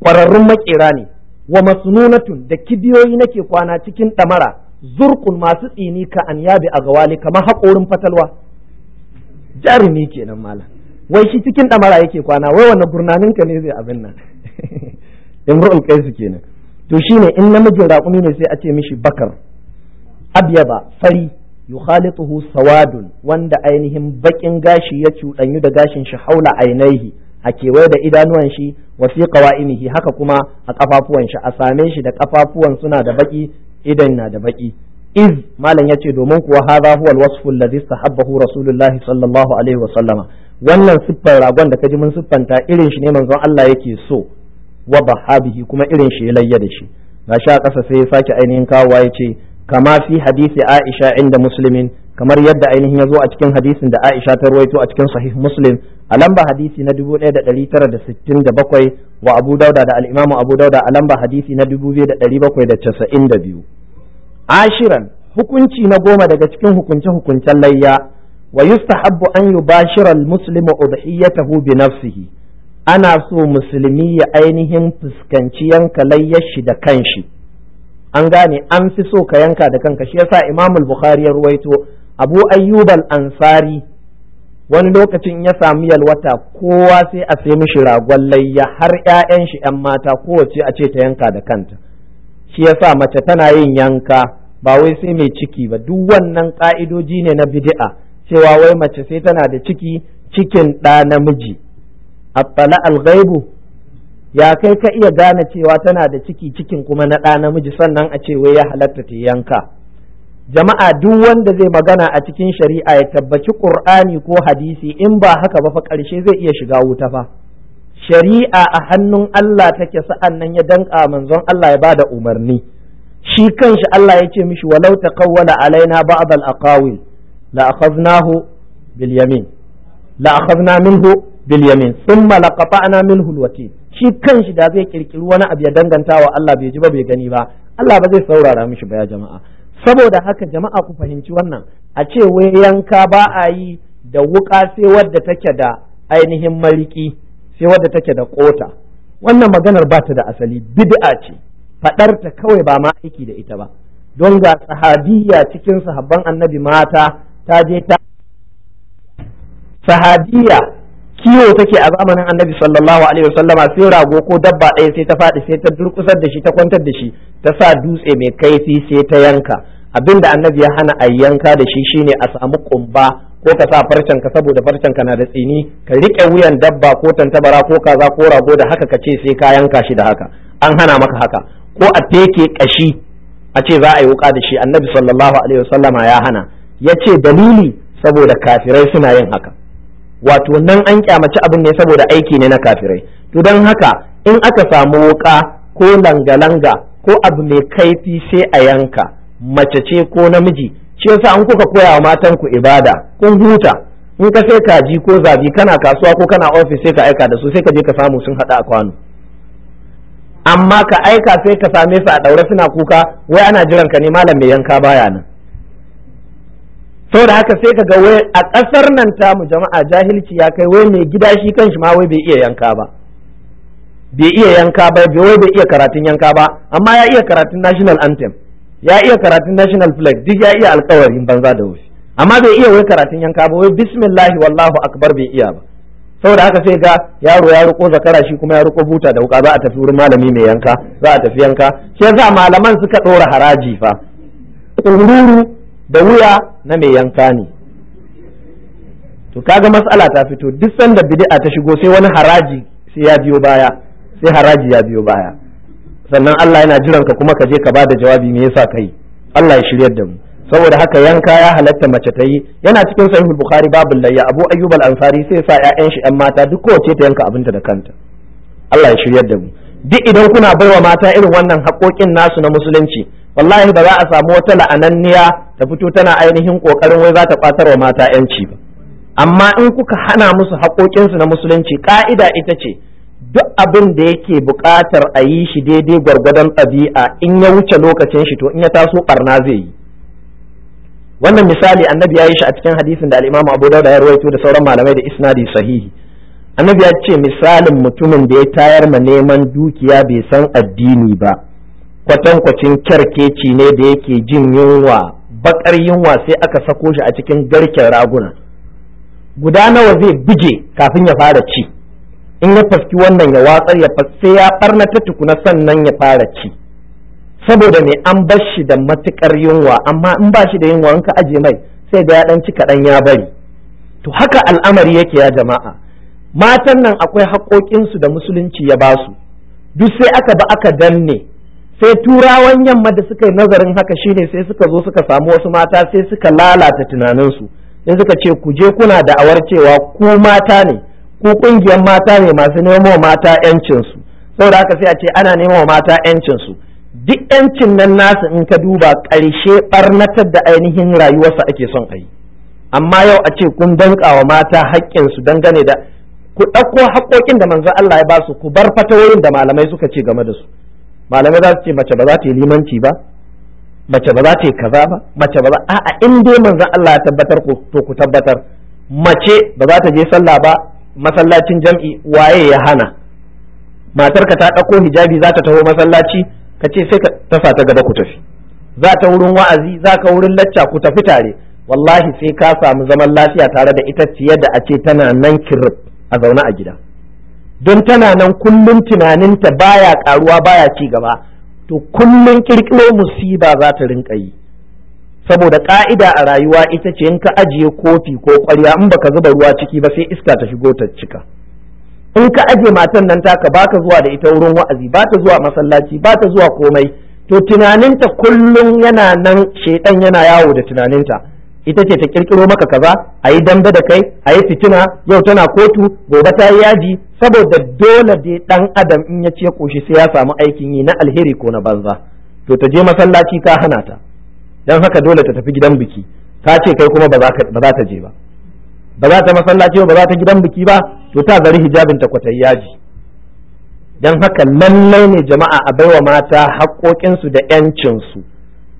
ƙwararrun makera ne wa masununatun da kibiyoyi nake kwana cikin ɗamara zurkun masu tsini ka an yabi a gawali kamar haƙorin fatalwa jarumi kenan malam wai shi cikin ɗamara yake kwana wai wannan ka ne zai abin nan imrul qais kenan to shine in namijin raƙumi ne sai a ce mishi bakar abyaba fari yukhalituhu sawadun wanda ainihin baƙin gashi ya cuɗanyu da gashin shi haula ainihi a kewaye da idanuwan shi wasiƙawa fi haka kuma a kafafuwan shi a same shi da ƙafafuwan suna da baki idan na da baki iz malam ya ce domin kuwa hadha huwa alwasfu alladhi istahabbahu rasulullahi sallallahu wannan siffan ragon da kaji mun siffanta irin shi ne manzon Allah yake so wa bahabihi kuma irin shi ya layya da shi gashi a ƙasa sai ya sake ainihin kawowa ya ce Kamafi hadisi Aisha inda muslimin kamar yadda ainihin ya zo a cikin hadisin da Aisha ta ruwaito a cikin sahih muslim a lamba hadisi na 1967 wa Abu Dauda da al-Imam Abu Dauda a lamba hadisi na casa'in 2792 ashiran hukunci na goma daga cikin hukunce hukuncen layya wa yustahabbu an yubashira al-muslimu udhiyatahu bi nafsihi ana so musulmi ya ainihin fuskanci yanka shi da kanshi an gane an fi so ka yanka da kanka shi yasa imamul bukhari ya ruwaito abu ayyubal ansari wani lokacin ya samu yalwata kowa sai a sai mishi ragon layya har 'ya'yan shi 'yan mata kowace a ce ta yanka da kanta shi yasa mace tana yin yanka ba wai sai mai ciki ba duk wannan ka'idoji ne na bid'a cewa wai mace sai tana da ciki cikin ɗa namiji attala al-ghaibu ya kai ka iya gane cewa tana da ciki cikin kuma na ɗa namiji sannan a ce wai ya halatta ta yanka jama'a duk wanda zai magana a cikin shari'a ya tabbaci qur'ani ko hadisi in ba haka ba fa ƙarshe zai iya shiga wuta fa shari'a a hannun Allah take sa'an nan ya danka manzon Allah ya bada umarni shi kanshi Allah ya ce mishi walau taqawwala alaina ba'd al-aqawil la akhadnahu bil yamin la akhadna minhu bil yamin thumma laqata'na minhu al shi kan shi da zai kirkiri wani abu ya danganta wa Allah bai ji ba bai gani ba Allah ba zai saurara mishi ba ya jama'a saboda haka jama'a ku fahimci wannan a ce wai yanka ba a yi da wuka sai wadda take da ainihin mariki sai wadda take da kota wannan maganar ba ta da asali bid'a ce fadar ta kawai ba ma aiki da ita ba don ga sahabiya cikin sahabban annabi mata ta je ta sahabiya kiwo take a zamanin annabi sallallahu alaihi wasallama sai rago ko dabba ɗaya sai ta faɗi sai ta durkusar da shi ta kwantar da shi ta sa dutse mai kaifi sai ta yanka abinda annabi ya hana a yanka da shi shine a samu kumba ko ka sa farcen ka saboda farcen ka na da tsini ka riƙe wuyan dabba ko tantabara ko kaza ko rago da haka ka ce sai ka yanka shi da haka an hana maka haka ko a teke kashi a ce za a yi wuka da shi annabi sallallahu alaihi wasallama ya hana ya ce dalili saboda kafirai suna yin haka wato nan an kyamaci abin ne saboda aiki ne na kafirai to don haka in aka samu wuka ko langa-langa ko abu mai kaifi sai a yanka mace ce ko namiji shi yasa an kuka koya wa matan ku ibada kun huta in ka sai kaji ko zabi kana kasuwa ko kana ofis sai ka aika da su sai ka je ka samu sun haɗa a kwano amma ka aika sai ka same su a ɗaure suna kuka wai ana jiran ka ne malam mai yanka baya nan to da haka sai ga wai a ƙasar nan ta mu jama'a jahilci ya kai wai mai gida shi kan shi ma wai bai iya yanka ba bai iya yanka ba bai wai bai iya karatun yanka ba amma ya iya karatun national anthem ya iya karatun national flag duk ya iya alƙawarin banza da wuce amma bai iya wai karatun yanka ba wai bismillahi wallahu akbar bai iya ba saboda haka sai ga yaro ya riko zakara shi kuma ya riko buta da wuka za a tafi wurin malami mai yanka za a tafi yanka sai za malaman suka ɗora haraji fa tsururu da wuya na mai yanka ne to kaga matsala ta fito duk sanda bid'a ta shigo sai wani haraji sai ya biyo baya sai haraji ya biyo baya sannan Allah yana jiran ka kuma ka je ka bada jawabi me yasa kai Allah ya shiryar da mu saboda haka yanka ya halatta mace ta yi yana cikin sahihul bukhari babul layya abu ayyub al ansari sai sa ƴaƴan shi ƴan mata duk kowace ta yanka abinta da kanta Allah ya shiryar da mu duk idan kuna baiwa mata irin wannan haƙoƙin nasu na musulunci wallahi ba za a samu wata la'ananniya ta fito tana ainihin kokarin wai za ta kwatar wa mata yanci ba amma in kuka hana musu haƙoƙinsu na musulunci ƙa'ida ita ce duk abin da yake buƙatar a yi shi daidai gwargwadon ɗabi'a in ya wuce lokacin shi to in ya taso ɓarna zai yi wannan misali annabi ya yi shi a cikin hadisin da al'imamu abu dauda ya rawaito da sauran malamai da isnadi sahihi annabi ya ce misalin mutumin da ya tayar ma neman dukiya bai san addini ba kwatankwacin kyarkeci ne da yake jin yunwa bakar yunwa sai aka sako shi a cikin garken raguna guda nawa zai buge kafin ya fara ci in ya faski wannan ya watsar ya sai ya ta tukuna sannan ya fara ci saboda ne an bar shi da matukar yunwa amma in ba shi da yunwa in ka aje mai sai da ya dan ci kaɗan ya bari to haka al'amari yake ya jama'a matan nan akwai haƙoƙinsu da musulunci ya basu, duk sai aka ba aka danne sai turawan yamma da suka yi nazarin haka shine sai suka zo suka samu wasu mata sai suka lalata tunaninsu sai suka ce ku je kuna da'awar cewa ku mata ne ku kungiyar mata ne masu nemo mata yancinsu saboda haka sai a ce ana nemo mata yancinsu duk yancin nan nasu in ka duba ƙarshe ɓarnatar da ainihin rayuwarsa ake son a yi amma yau a ce kun danƙa wa mata haƙƙinsu dangane da ku ɗauko haƙƙoƙin da manzon Allah ya ba su ku bar fatawoyin da malamai suka ce game da su malamai za su ce mace ba za ta yi limanci ba mace ba za ta yi kaza ba mace ba za a in dai manzon Allah ya tabbatar ku to ku tabbatar mace ba za ta je sallah ba masallacin jam'i waye ya hana matarka ta ɗauko hijabi za ta taho masallaci ka ce sai ta sa ta gaba ku tafi za ta wurin wa'azi za ka wurin lacca ku tafi tare wallahi sai ka samu zaman lafiya tare da ita fiye da a ce tana nan kirib a zaune a gida don tana nan kullum tunaninta baya karuwa baya ci gaba to kullum kirkiro musiba za ta rinka yi saboda ka'ida a rayuwa ita ce in ka ajiye kofi ko kwarya in baka zuba ruwa ciki ba sai iska ta shigo ta cika in ka ajiye matan nan taka baka zuwa da ita wurin wa'azi ba ta zuwa masallaci ba ta zuwa komai to tunaninta kullum yana nan shedan yana yawo da tunaninta ita ce ta kirkiro maka kaza a yi dambe da kai a yi fitina yau tana kotu gobe ta yi yaji saboda dole de dan adam in ya ce koshi sai ya samu aikin yi na alheri ko na banza to ta je masallaci ka hana ta dan haka dole ta tafi gidan biki ka ce kai kuma ba za ta je ba ba za ta masallaci ba ba za ta gidan biki ba to ta zari hijabin ta kwatai yaji dan haka lallai ne jama'a a baiwa mata haƙoƙinsu da 'yancinsu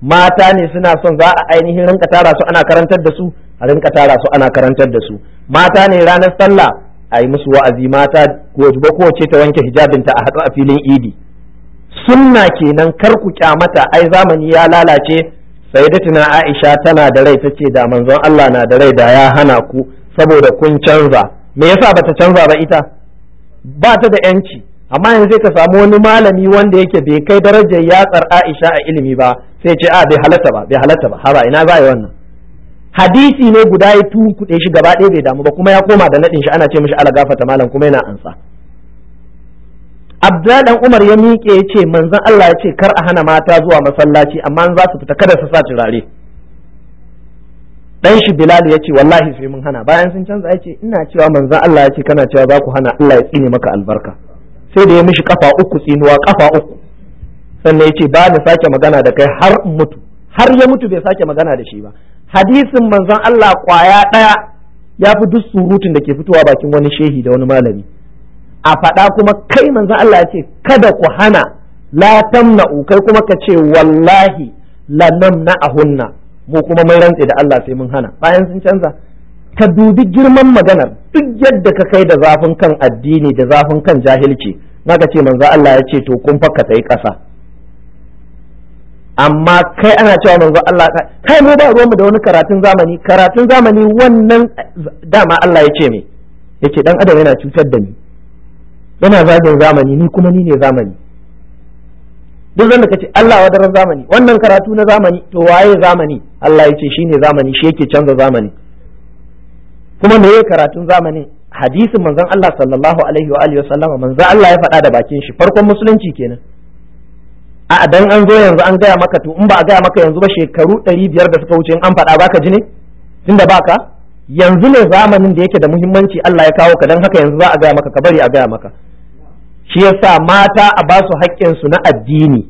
mata ne suna son za a ainihin rinka tara su ana karantar da su a rinka tara su ana karantar da su mata ne ranar sallah a yi musu wa'azi mata gobe ce ta wanke hijabinta a hatsa a filin idi sunna kenan kar ku kyamata ai zamani ya lalace sayyidatuna aisha tana da rai tace da manzon Allah na da rai da ya hana ku saboda kun canza me yasa bata canza ba ita ba ta da yanci amma yanzu sai ka samu wani malami wanda yake bai kai darajar yatsar Aisha a ilimi ba sai ce a ah, bai halatta ba bai halatta ba haba ina ba wannan hadisi ne guda ya kuɗe shi gaba ɗaya bai damu ba kuma ya koma da naɗin shi ana ce mishi ala gafata malam kuma yana ansa Abdullahi dan Umar ya miƙe ya ce manzon Allah ya ce kar a hana mata zuwa masallaci amma za su fita kada su sa turare dan shi Bilal ya ce wallahi sai mun hana bayan sun canza ya ce ina cewa manzon Allah ya ce kana cewa za ku hana Allah ya tsine maka albarka sai da ya mishi kafa uku tsinuwa kafa uku sannan ya ce ba ni sake magana da kai har in mutu har ya mutu bai sake magana da shi ba hadisin manzon Allah kwaya ɗaya ya fi duk surutun da ke fitowa bakin wani shehi da wani malami a faɗa kuma kai manzon Allah ya ce kada ku hana la tamna'u kai kuma ka ce wallahi la namna'ahunna mu kuma mai rantse da Allah sai mun hana bayan sun canza ta dubi girman maganar duk yadda ka kai da zafin kan addini da zafin kan jahilci ka ce manzo Allah ya ce to kun fa ka sai ƙasa amma kai ana cewa manzo Allah kai mu ba ruwanmu da wani karatun zamani karatun zamani wannan dama Allah ya ce me yake dan adam yana cutar da ni yana zagin zamani ni kuma ni ne zamani duk zan da kace Allah wadaran zamani wannan karatu na zamani to waye zamani Allah ya ce shine zamani shi yake canza zamani kuma me yake karatun zamani hadisin manzon Allah sallallahu alaihi wa alihi wasallama manzon Allah ya faɗa da bakin shi farkon musulunci kenan a dan an zo yanzu an gaya maka to in ba a gaya maka yanzu ba shekaru 500 da suka wuce in an faɗa baka ji ne tunda baka yanzu ne zamanin da yake da muhimmanci Allah ya kawo ka dan haka yanzu za a gaya maka ka bari a gaya maka shi yasa mata a ba su su na addini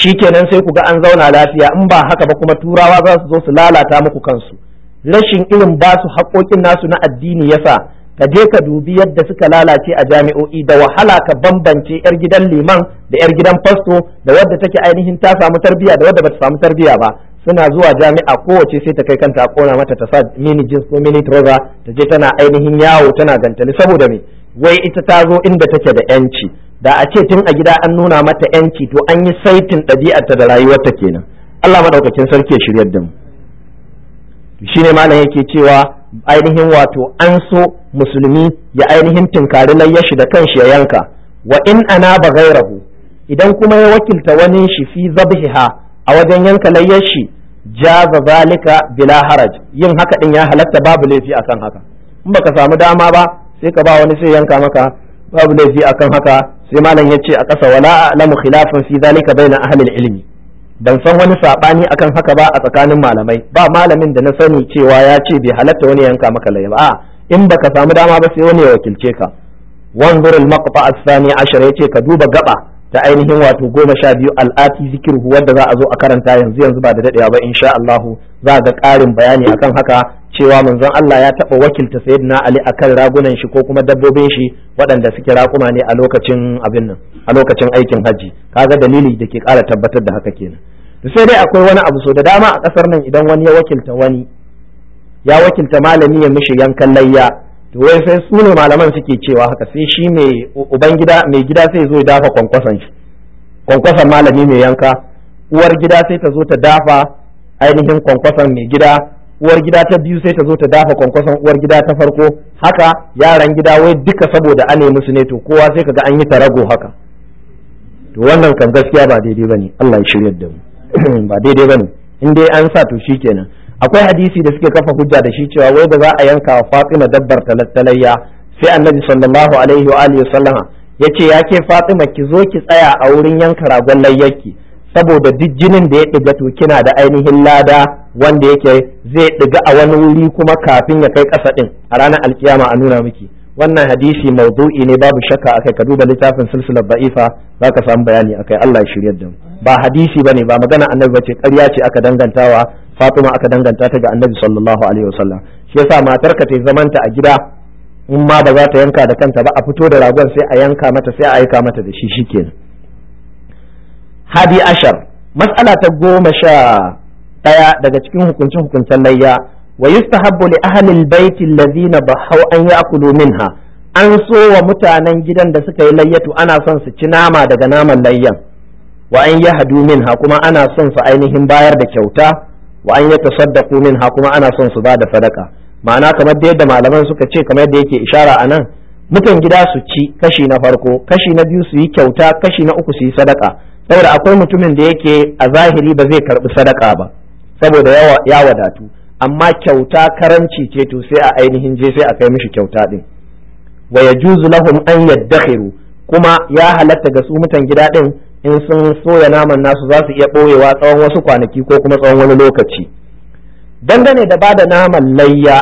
shikenan sai ku ga an zauna lafiya in ba haka ba kuma turawa za su zo su lalata muku kansu rashin irin ba su haƙoƙin nasu na addini ya sa ka je ka dubi yadda suka lalace a jami'o'i da wahala ka bambance yar gidan liman da yar gidan fasto da wadda take ainihin ta samu tarbiyya da wadda bata samu tarbiyya ba suna zuwa jami'a kowace sai ta kai kanta a kona mata ta sa mini jeans ko mini trouser ta je tana ainihin yawo tana gantali saboda me wai ita ta zo inda take da yanci da a ce tun a gida an nuna mata yanci to an yi saitin ɗabi'arta da rayuwarta kenan Allah madaukakin sarki ya shiryar da mu shine malam yake cewa ainihin wato an so musulmi ya ainihin tinkari layyashi da kanshi ya yanka wa in ana ba gairahu idan kuma ya wakilta wani shi fi zabhiha a wajen yanka layyashi jaza zalika bila haraj yin haka din ya halatta babu laifi akan haka in baka samu dama ba sai ka ba wani sai yanka maka babu laifi akan haka sai malam ya ce a ƙasa wala a'lamu khilafin fi zalika baina ahli ilmi ban san wani saɓani akan haka ba a tsakanin malamai ba malamin da na sani cewa ya ce bai halatta wani yanka maka laye ba a in baka samu dama ba sai wani ya wakilce ka wanzur al maqta as-thani ashar yace ka duba gaba Da ainihin wato goma sha biyu al'ati zikiru wadda za a zo a karanta yanzu yanzu ba da dadewa ba insha Allahu za ga ƙarin bayani akan haka cewa manzon Allah ya taɓa wakilta sayyidina Ali akan ragunan shi ko kuma dabbobin shi waɗanda suke raƙuma ne a lokacin abin nan a lokacin aikin haji kaga dalili da ke ƙara tabbatar da haka kenan sai dai akwai wani abu so da dama a ƙasar nan idan wani ya wakilta wani ya wakilta malami ya mishi yankan layya to wai sai su ne malaman suke cewa haka sai shi mai uban gida mai gida sai zo ya dafa kwankwasan shi kwankwasan malami mai yanka uwar gida sai ta zo ta dafa ainihin kwankwasan mai gida uwar gida ta biyu sai ta zo ta dafa kwankwason uwar gida ta farko haka yaran gida wai duka saboda ane musu ne to kowa sai kaga an yi ta tarago haka to wannan kan gaskiya ba daidai bane Allah ya shirya da mu ba daidai bane in dai an sa to shikenan akwai hadisi da suke kafa hujja da shi cewa wai ba za a yanka wa Fatima dabbar talattalayya sai Annabi sallallahu alaihi wa alihi sallama yace ya ke Fatima ki zo ki tsaya a wurin yanka ragon layyaki saboda duk jinin da ya diga to kina da ainihin lada wanda yake zai diga a wani wuri kuma kafin ya kai ƙasa din a ranar alkiyama a nuna miki wannan hadisi maudu'i ne babu shakka akai ka duba littafin silsilar da'ifa zaka samu bayani akai Allah ya shiryar da ba hadisi bane ba magana annabi bace ƙarya ce aka dangantawa fatima aka danganta ta ga annabi sallallahu alaihi wasallam shi yasa matar ka ta zamanta a gida in ma ba za ta yanka da kanta ba a fito da ragon sai a yanka mata sai a aika mata da shi shikenan hadi ashar mas'ala ta goma sha daya daga cikin hukuncin hukuncen layya wa yustahabbu li ahli albayti alladhina bahaw an ya'kulu minha an so wa mutanen gidan da suka yi layyatu ana son su ci nama daga naman layyan wa an yahdu minha kuma ana son su ainihin bayar da kyauta wa an min ha kuma ana son su ba da sadaka ma'ana kamar da yadda malaman suka ce kamar da yake ishara a nan mutan gida su ci kashi na farko kashi na biyu su yi kyauta kashi na uku su yi sadaka saboda akwai mutumin da yake a zahiri ba zai karbi sadaka ba saboda ya wadatu amma kyauta karanci ce to sai a ainihin je sai a kai mishi kyauta din wa yajuzu lahum an yaddakhiru kuma ya halatta ga su mutan gida din in sun soya naman nasu za su iya ɓoyewa tsawon wasu kwanaki ko kuma tsawon wani lokaci dangane da ba da naman layya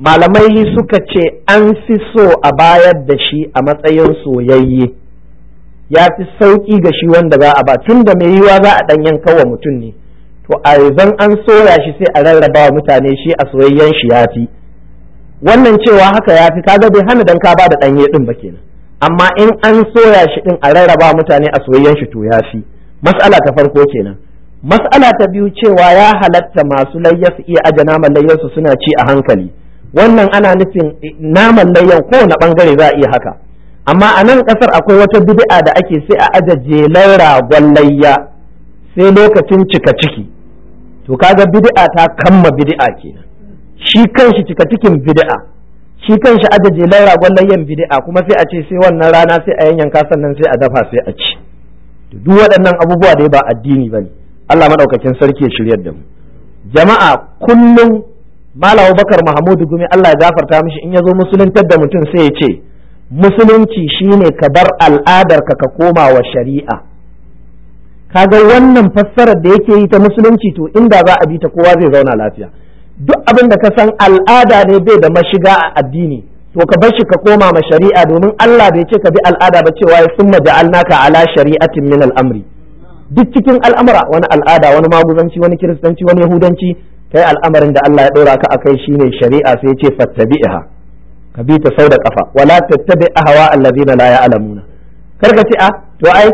malamai suka ce an fi so a bayar da shi a matsayin soyayye ya fi sauƙi ga shi wanda za a ba tun da mai yiwa za a ɗanyen kawo mutum ne to a zan an soya shi sai a rarraba wa mutane shi a soyayyen shi ya fi wannan cewa haka ya fi kaga bai hana dan ka ba da ɗanye ɗin ba kenan amma in an soya shi din a rarraba mutane a soyayyen shi to ya fi mas'ala ta farko kenan mas'ala ta biyu cewa ya halatta masu layya su iya aje naman layyarsu suna ci a hankali wannan ana nufin naman layyan na bangare za a iya haka amma a nan kasar akwai wata bid'a da ake sai a aje jelan ragon layya sai lokacin cika ciki to kaga bid'a ta kamma bid'a kenan shi kanshi cika cikin bid'a shi kan shi aje laura ragon layyan bid'a kuma sai a ce sai wannan rana sai a yanyanka sannan sai a dafa sai a ci duk waɗannan abubuwa dai ba addini bane Allah madaukakin sarki ya shiryar da mu jama'a kullum Malam Bakar Mahmud Gumi Allah ya gafarta mishi in ya zo musuluntar da mutum sai ya ce musulunci shine ka bar al'adar ka ka koma wa shari'a kaga wannan fassarar da yake yi ta musulunci to inda za a bi ta kowa zai zauna lafiya duk abin da ka san al'ada ne bai da mashiga a addini to ka bar shi ka koma ma shari'a domin Allah bai ce ka bi al'ada ba cewa ya summa ja'alnaka ala shari'atin min al'amri duk cikin al'amura wani al'ada wani maguzanci wani kiristanci wani yahudanci kai al'amarin da Allah ya ɗora ka akai shine shari'a sai ya ce fattabi'ha ka bi ta sau da kafa wala tattabi ahwa allazina la ya'lamuna kar ka ce a ah, to ai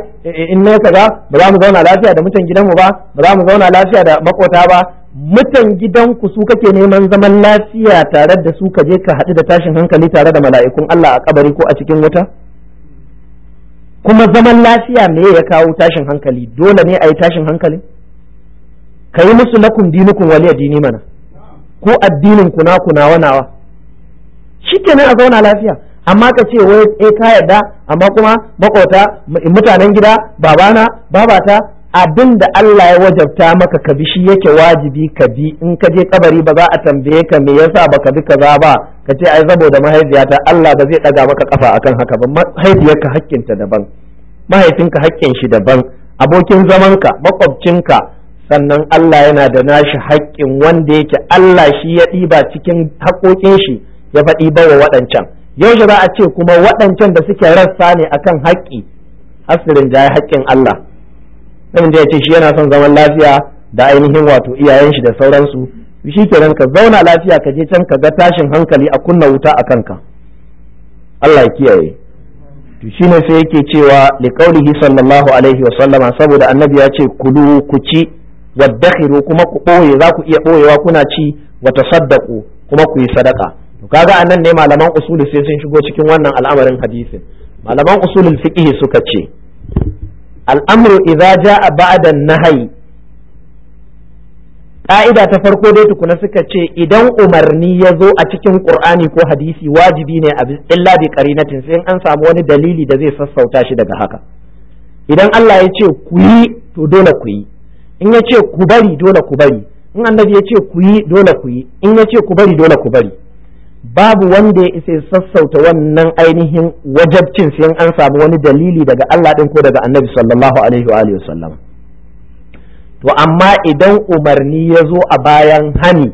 in ne kaza ba za mu zauna lafiya da mutan gidanmu ba ba za mu zauna lafiya da makota ba mutan gidanku su kake neman zaman lafiya tare da su ka je ka haɗu da tashin hankali tare da mala'ikun Allah a kabari ko a cikin wuta kuma zaman lafiya me ya kawo tashin hankali dole ne a yi tashin hankali ka yi musu lakum dinukun wali addini mana ko addinin kuna kuna wanawa ne a zauna lafiya amma ka ce wai eh, ka yarda amma kuma makota, mutanen gida babana babata abin da Allah ya wajabta maka ka bi shi yake wajibi ka bi in ka je kabari ba za a tambaye ka me yasa baka bi kaza ba ka ce ai saboda mahaifiyata Allah ba zai daga maka kafa akan haka ba mahaifiyarka hakkinta daban mahaifinka hakkin shi daban abokin zamanka makwabcinka sannan Allah yana da nashi hakkin wanda yake Allah shi ya ɗiba cikin haƙoƙin shi ya faɗi wa waɗancan yaushe za a ce kuma waɗancan da suke rassa ne akan haƙƙi asirin jaya haƙƙin Allah sai da ya ce shi yana son zaman lafiya da ainihin wato iyayen shi da sauransu shi kenan ka zauna lafiya ka je can ka ga tashin hankali a kunna wuta a kanka Allah ya kiyaye to shine sai yake cewa li qaulihi sallallahu alaihi wa sallama saboda annabi ya ce kulu ku ci waddakhiru kuma ku boye za ku iya boyewa kuna ci wa tasaddaqu kuma ku yi sadaka to kaga annan ne malaman usuli sai sun shigo cikin wannan al'amarin hadisin malaman usulul fiqh suka ce al'amru a jaa na nahyi ƙa'ida ta farko dai tukuna suka ce idan umarni ya zo a cikin ƙur'ani ko hadisi wajibi ne a illa bi qarinatin sai an samu wani dalili da zai sassauta shi daga haka idan Allah ya ce ku yi to dole ku yi in ya ce ku bari dole ku bari in annabi ya ce ku yi dole ku yi in ya ce ku bari dole ku bari babu wanda ya isa sassauta wannan ainihin wajabcin sai an samu wani dalili daga Allah din ko daga Annabi sallallahu alaihi wa alihi to amma idan umarni ya zo a bayan hani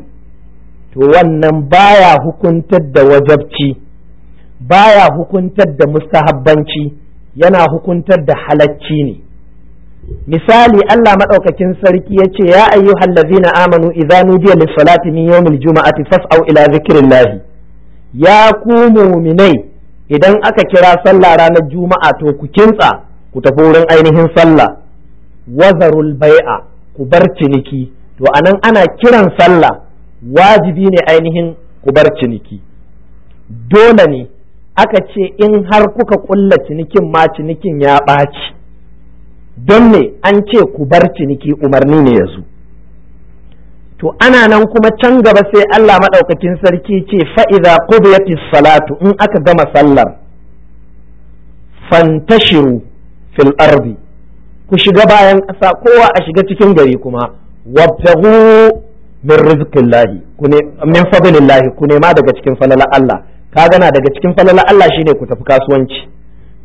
to wannan baya hukuntar da wajabci baya hukuntar da mustahabbanci yana hukuntar da halacci ne misali Allah maɗaukakin sarki ya ce ya ayyuhallazina amanu idza nudiya lis-salati min yawmil juma'ati fas'au ila zikrillah ya ku muminai idan aka kira sallah ranar juma'a to ku kintsa ku tafi wurin ainihin sallah wazarul bai'a ku bar ciniki to anan ana kiran sallah wajibi ne ainihin ku bar ciniki dole ne aka ce in har kuka kulla cinikin ma cinikin ya ɓaci don ne an ce ku bar ciniki umarni ne yanzu to ana nan kuma can gaba sai Allah maɗaukakin sarki ce fa'iza qudiyatis salatu in aka gama sallar fantashiru fil ardi ku shiga bayan ƙasa kowa a shiga cikin gari kuma wabtahu min rizqillahi ku ne min fadlillahi ku nema daga cikin falala Allah ka gana daga cikin falala Allah shine ku tafi kasuwanci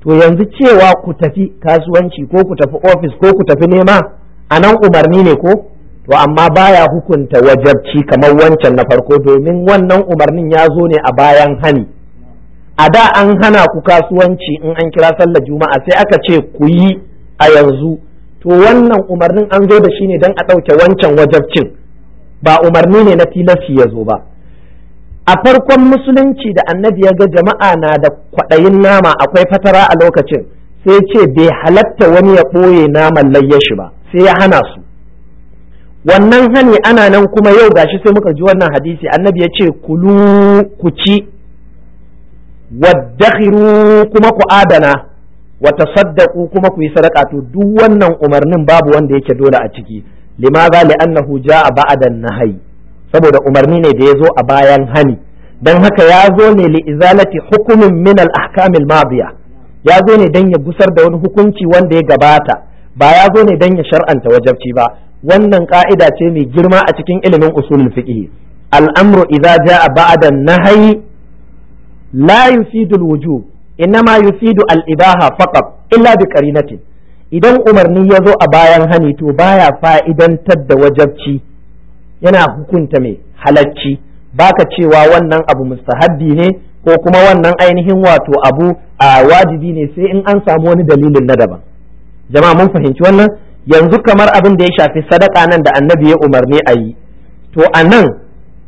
to yanzu cewa ku tafi kasuwanci ko ku tafi ofis, ko ku tafi nema a nan umarni ne ko to amma baya hukunta wajabci kamar wancan na farko domin wannan umarnin ya zo ne a bayan hani a da an hana ku kasuwanci in an kira sallar juma'a sai aka ce ku yi a yanzu to wannan umarnin an zo da shi ne don a ɗauke wancan wajabcin ba umarni ne na tilasti ya zo ba a farkon musulunci da annabi ya ga jama'a na da kwaɗayin nama akwai fatara a lokacin sai ce bai halatta wani ya ɓoye naman layyashi ba sai ya hana su wannan hani ana nan kuma yau gashi sai muka ji wannan hadisi annabi ya ce kulu ku ci waddakhiru kuma ku adana wa tasaddaqu kuma ku yi sadaka to duk wannan umarnin babu wanda yake dole a ciki limaza li annahu jaa ba'dan nahyi saboda umarni ne da yazo a bayan hani dan haka ya ne li izalati hukumin min al ahkamil madiya yazo ne dan ya gusar da wani hukunci wanda ya gabata ba ya zo ne dan ya shar'anta wajabci ba wannan ka'ida ce mai girma a cikin ilimin usulul fiqh al'amru idza jaa ba'da an-nahyi la yufidu al-wujub inma yufidu al-ibaha faqat illa bi qarinati idan umarni ya zo a bayan hani to baya fa'idantar da wajabci yana hukunta mai halacci baka cewa wannan abu mustahabbi ne ko kuma wannan ainihin wato abu a wajibi ne sai in an samu wani dalilin na daban jama'a mun fahimci wannan yanzu kamar abin da ya shafi sadaka nan da annabi ya umarni a yi to a nan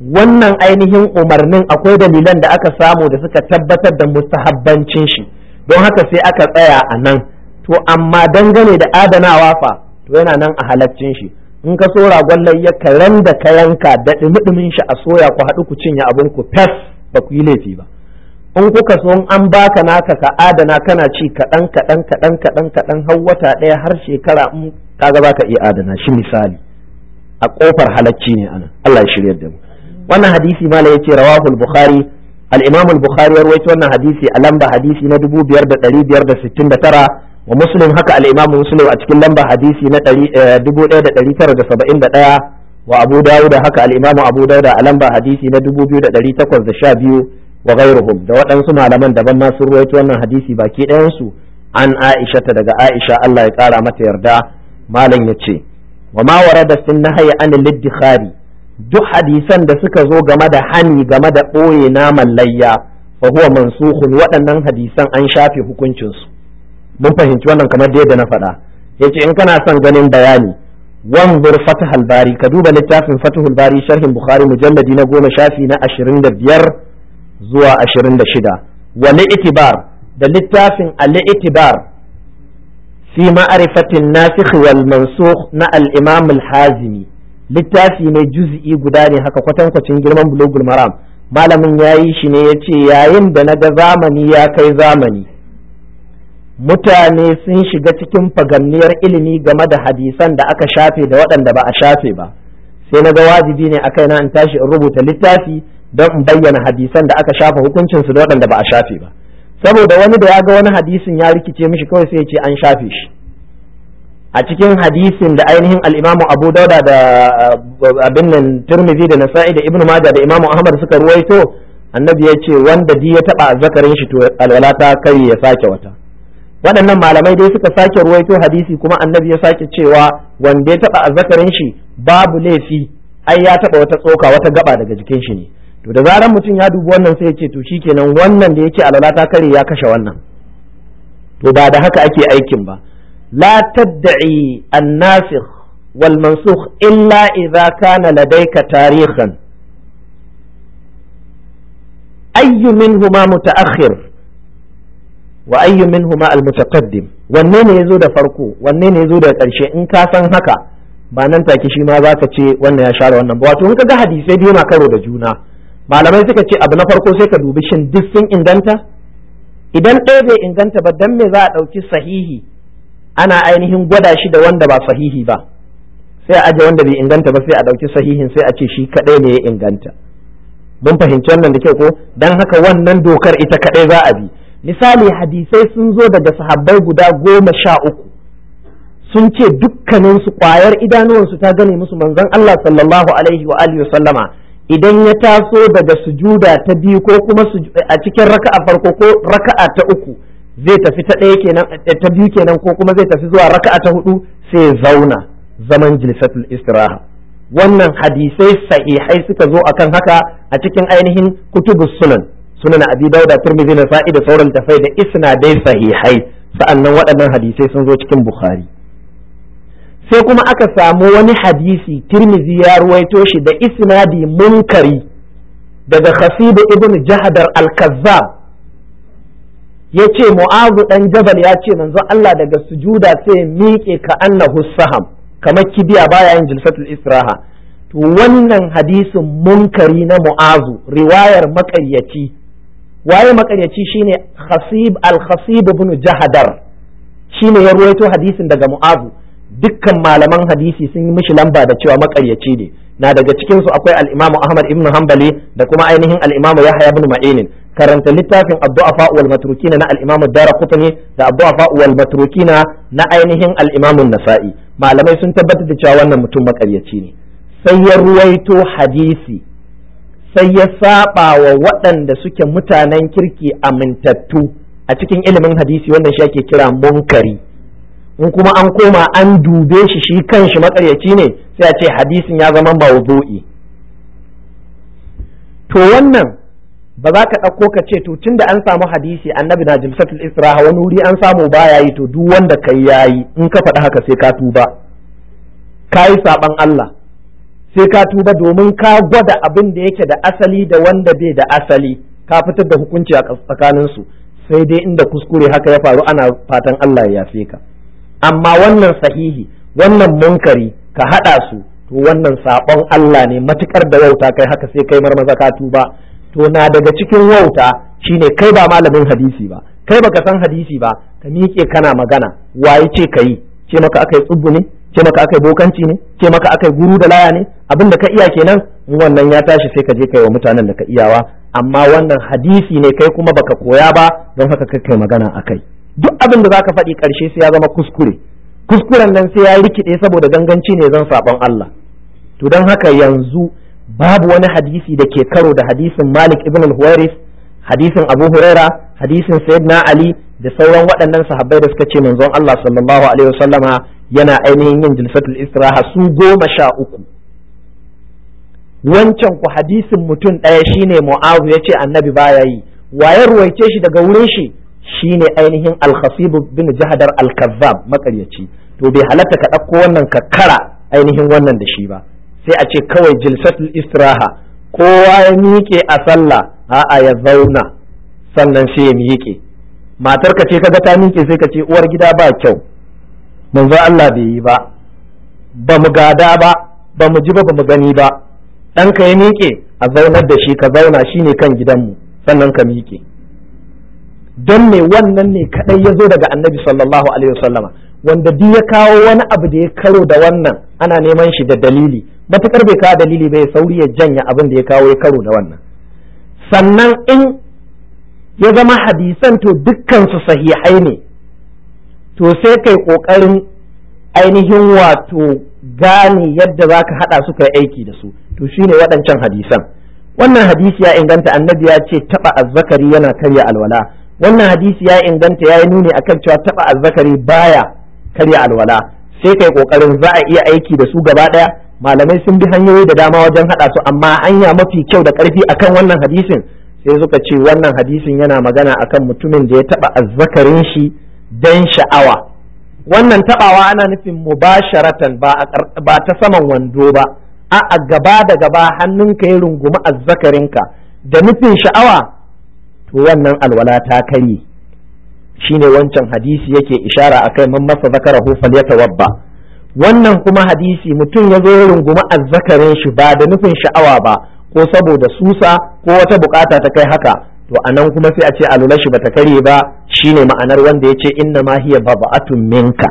wannan ainihin umarnin akwai dalilan da aka samu da suka tabbatar da mustahabbancin shi don haka sai aka tsaya a nan to amma dangane da adanawa fa to yana nan a halaccin shi in ka so ragon ya ka randa ka yanka da dumi shi a soya ku haɗu ku cinye abin ku fes ba ku yi laifi ba in kuka so an baka naka ka adana kana ci kaɗan kaɗan kaɗan kaɗan kaɗan har wata ɗaya har shekara in ka ga baka iya adana shi misali a kofar halacci ne ana Allah ya shirya da mu wannan hadisi mala ya rawahu al-bukhari al-imam al-bukhari ya rawaito wannan hadisi a lamba hadisi na 5569 wa muslim haka al-imam muslim a cikin lamba hadisi na 1971 eh, wa abu dawud haka al-imam abu dawud a lamba hadisi na 2812 wa ghayruhum da waɗansu malaman daban ma sun ruwaito wannan hadisi baki ɗayansu su an Aisha ta daga Aisha Allah ya kara mata yarda malam yace wa ma warada sun nahyi duk hadisan da suka zo game da hani game da ɓoye naman layya fa huwa mansukhun waɗannan hadisan an shafe hukuncin su mun fahimci wannan kamar da yadda na faɗa yace in kana son ganin bayani wanzur fatahul bari ka duba littafin fatahul bari sharhin bukhari mujalladi na goma shafi na ashirin da biyar zuwa ashirin da shida wa itibar da littafin al-i'tibar fi ma'arifatin nasikh wal mansukh na al-imam al-hazimi littafi ne juz'i guda ne haka kwatankwacin girman bulugul maram malamin yayi shi ne yace yayin da naga zamani ya kai zamani mutane sun shiga cikin faganniyar ilimi game da hadisan da aka shafe da waɗanda ba a shafe ba sai na ga wajibi ne a kaina in tashi in rubuta littafi don in bayyana hadisan da aka shafa hukuncin su da waɗanda ba a shafe ba saboda wani da ya ga wani hadisin ya rikice mishi kawai sai ya ce an shafe shi a cikin hadisin da ainihin al'imamu abu dauda da uh, abin nan turmizi da nasa'i da ibnu maja da imamu ahmad suka ruwaito annabi ya ce wanda di ya taba zakarin shi to alwala ta kai ya sake wata waɗannan malamai dai suka sake ruwaito hadisi kuma annabi ya sake cewa wanda ya taba zakarin shi babu laifi ai ya taɓa wata tsoka wata gaba daga jikin shi ne to da zaran mutum ya dubi wannan sai ya ce to shikenan wannan da yake alwala ta kare ya kashe wannan to ba da haka ake aikin ba la tad'i an-nasikh wal mansukh illa idza kana ladayka tarihan ayyu minhuma mutaakhir wa ayyu minhuma al-mutaqaddim wanne ne yazo da farko wanne ne yazo da karshe in ka san haka ba nan take shi ma zaka ce wannan ya share wannan ba wato in ka ga hadisai biyu na karo da juna malamai suka ce abu na farko sai ka dubi shin duk sun inganta idan ɗaya bai inganta ba dan me za a ɗauki sahihi ana ainihin gwada shi da wanda ba sahihi ba sai a aje wanda bai inganta ba sai a ɗauki sahihin sai a ce shi kaɗai ne ya inganta mun fahimci wannan da kyau ko dan haka wannan dokar ita kaɗai za a bi misali hadisai sun zo daga sahabbai guda goma sha uku sun ce dukkaninsu ƙwayar idanuwansu ta gane musu manzon Allah sallallahu alaihi wa alihi sallama idan ya taso daga sujuda ta biyu ko kuma a cikin raka'a farko ko raka'a ta uku zai tafi ta ɗaya kenan eh, ta biyu kenan ko kuma zai tafi zuwa raka'a ta hudu sai zauna zaman jilsatul istiraha wannan hadisai sahihai suka zo akan haka a cikin ainihin kutubus sunan sunan abi dauda tirmidhi na sa'i da sauran tafai da isnadai sahihai sa'annan waɗannan hadisai sun zo cikin bukhari sai kuma aka samu wani hadisi tirmizi ya ruwaito shi da isnadi munkari daga khasib ibn jahadar al-kazzab ya ce mu'azu dan jabal ya ce manzo Allah daga sujuda sai miƙe ka annahu saham kamar kibiya baya yin jilsatul israha to wannan hadisin munkari na mu'azu riwayar makaryaci waye maƙaryaci shine khasib al-khasib ibn jahdar shine ya ruwaito hadisin daga mu'azu dukkan malaman hadisi sun yi mishi lamba da cewa makaryaci ne na daga cikin su akwai al-Imam Ahmad ibn Hanbali da kuma ainihin al-Imam Yahya ibn Ma'in karanta littafin Abdu'afa wal Matrukina na al-Imam Darqutni da Abdu'afa wal Matrukina na ainihin al-Imam Nasa'i malamai sun tabbatar da cewa wannan mutum makaryaci ne sai ya ruwaito hadisi sai ya saba wa waɗanda suke mutanen kirki amintattu a cikin ilimin hadisi wannan shi ake kira munkari in kuma an koma an dube shi shi kanshi makaryaci ne sai a ce hadisin ya zama mawdu'i to wannan ba za ka ɗauko ka ce to tunda an samu hadisi annabi na jilsatul israha wani wuri an samu baya yi to duk wanda kai yayi in ka faɗi haka sai ka tuba kayi saban Allah sai ka tuba domin ka gwada abin da yake da asali da wanda bai da asali ka fitar da hukunci a tsakaninsu sai dai inda kuskure haka ya faru ana fatan Allah ya yafe ka amma wannan sahihi wannan munkari ka haɗa su to wannan saɓon Allah ne matukar da wauta kai haka sai kai marmaza ka ba to na daga cikin wauta shine kai ba malamin hadisi ba kai baka san hadisi ba ka miƙe kana magana waye ce ka ce maka akai tsubbu ne ce maka akai bokanci ne ce maka akai guru da laya ne abin da ka iya kenan wannan ya tashi sai ka je kai wa mutanen da ka iyawa amma wannan hadisi ne kai kuma baka koya ba don haka kai magana akai duk abin da ka faɗi ƙarshe sai ya zama kuskure kuskuren nan sai ya rikide saboda ganganci ne zan saɓon Allah to don haka yanzu babu wani hadisi da ke karo da hadisin Malik ibn al-Huwairis hadisin Abu Huraira hadisin Sayyidina Ali da sauran waɗannan sahabbai da suka ce manzon Allah sallallahu alaihi wasallama yana ainihin yin jilsatul istiraha su goma sha uku wancan ku hadisin mutum ɗaya shine mu'azu ya ce annabi baya yi waye ruwaice shi daga wurin shi Shi ne ainihin alhasibu bin jihadar alkazzab makaryaci to bai halatta ka ɗauko wannan ka kara ainihin wannan da shi ba sai a ce kawai jilsatul istiraha kowa ya miƙe a sallah a'a ya zauna sannan sai ya miƙe matar ka ce kaga ta miƙe sai ka ce uwar gida ba kyau manzo Allah bai yi ba ba mu gada ba ba mu ji ba ba mu gani ba ɗanka ya miƙe a zaunar da shi ka zauna shine kan gidanmu sannan ka miƙe don me wannan ne kaɗai ya zo daga annabi sallallahu alaihi wasallama wanda duk ya kawo wani abu da ya karo da wannan ana neman shi da dalili matukar bai kawo dalili bai sauri ya janya abin da ya kawo ya karo da wannan sannan in ya zama hadisan to dukkan su sahihai ne to sai kai kokarin ainihin wato gane yadda za ka haɗa su kai aiki da su to shine waɗancan hadisan wannan hadisi ya inganta annabi ya ce taɓa azzakari yana karya alwala wannan hadisi ya inganta ya yi nuni a kan cewa taɓa azzakari baya karya alwala sai kai ƙoƙarin za a iya aiki da su gaba ɗaya. malamai sun bi hanyoyi da dama wajen haɗa su amma hanya mafi kyau da karfi akan wannan hadisin sai suka ce wannan hadisin yana magana akan mutumin da ya taɓa azzakarin shi dan sha'awa wannan taɓawa ana nufin mubasharatan ba ta saman wando ba A'a gaba da gaba hannunka ya rungumi azzakarinka da nufin sha'awa to wannan alwala ta karye shine wancan hadisi yake ishara akai man masa zakarahu falyatawabba wannan kuma hadisi mutum ya zo runguma azzakarin shi ba da nufin sha'awa ba ko saboda susa ko wata bukata ta kai haka to anan kuma sai a ce alwala shi bata karye ba shine ma'anar wanda yace inna ma hiya baba'atun minka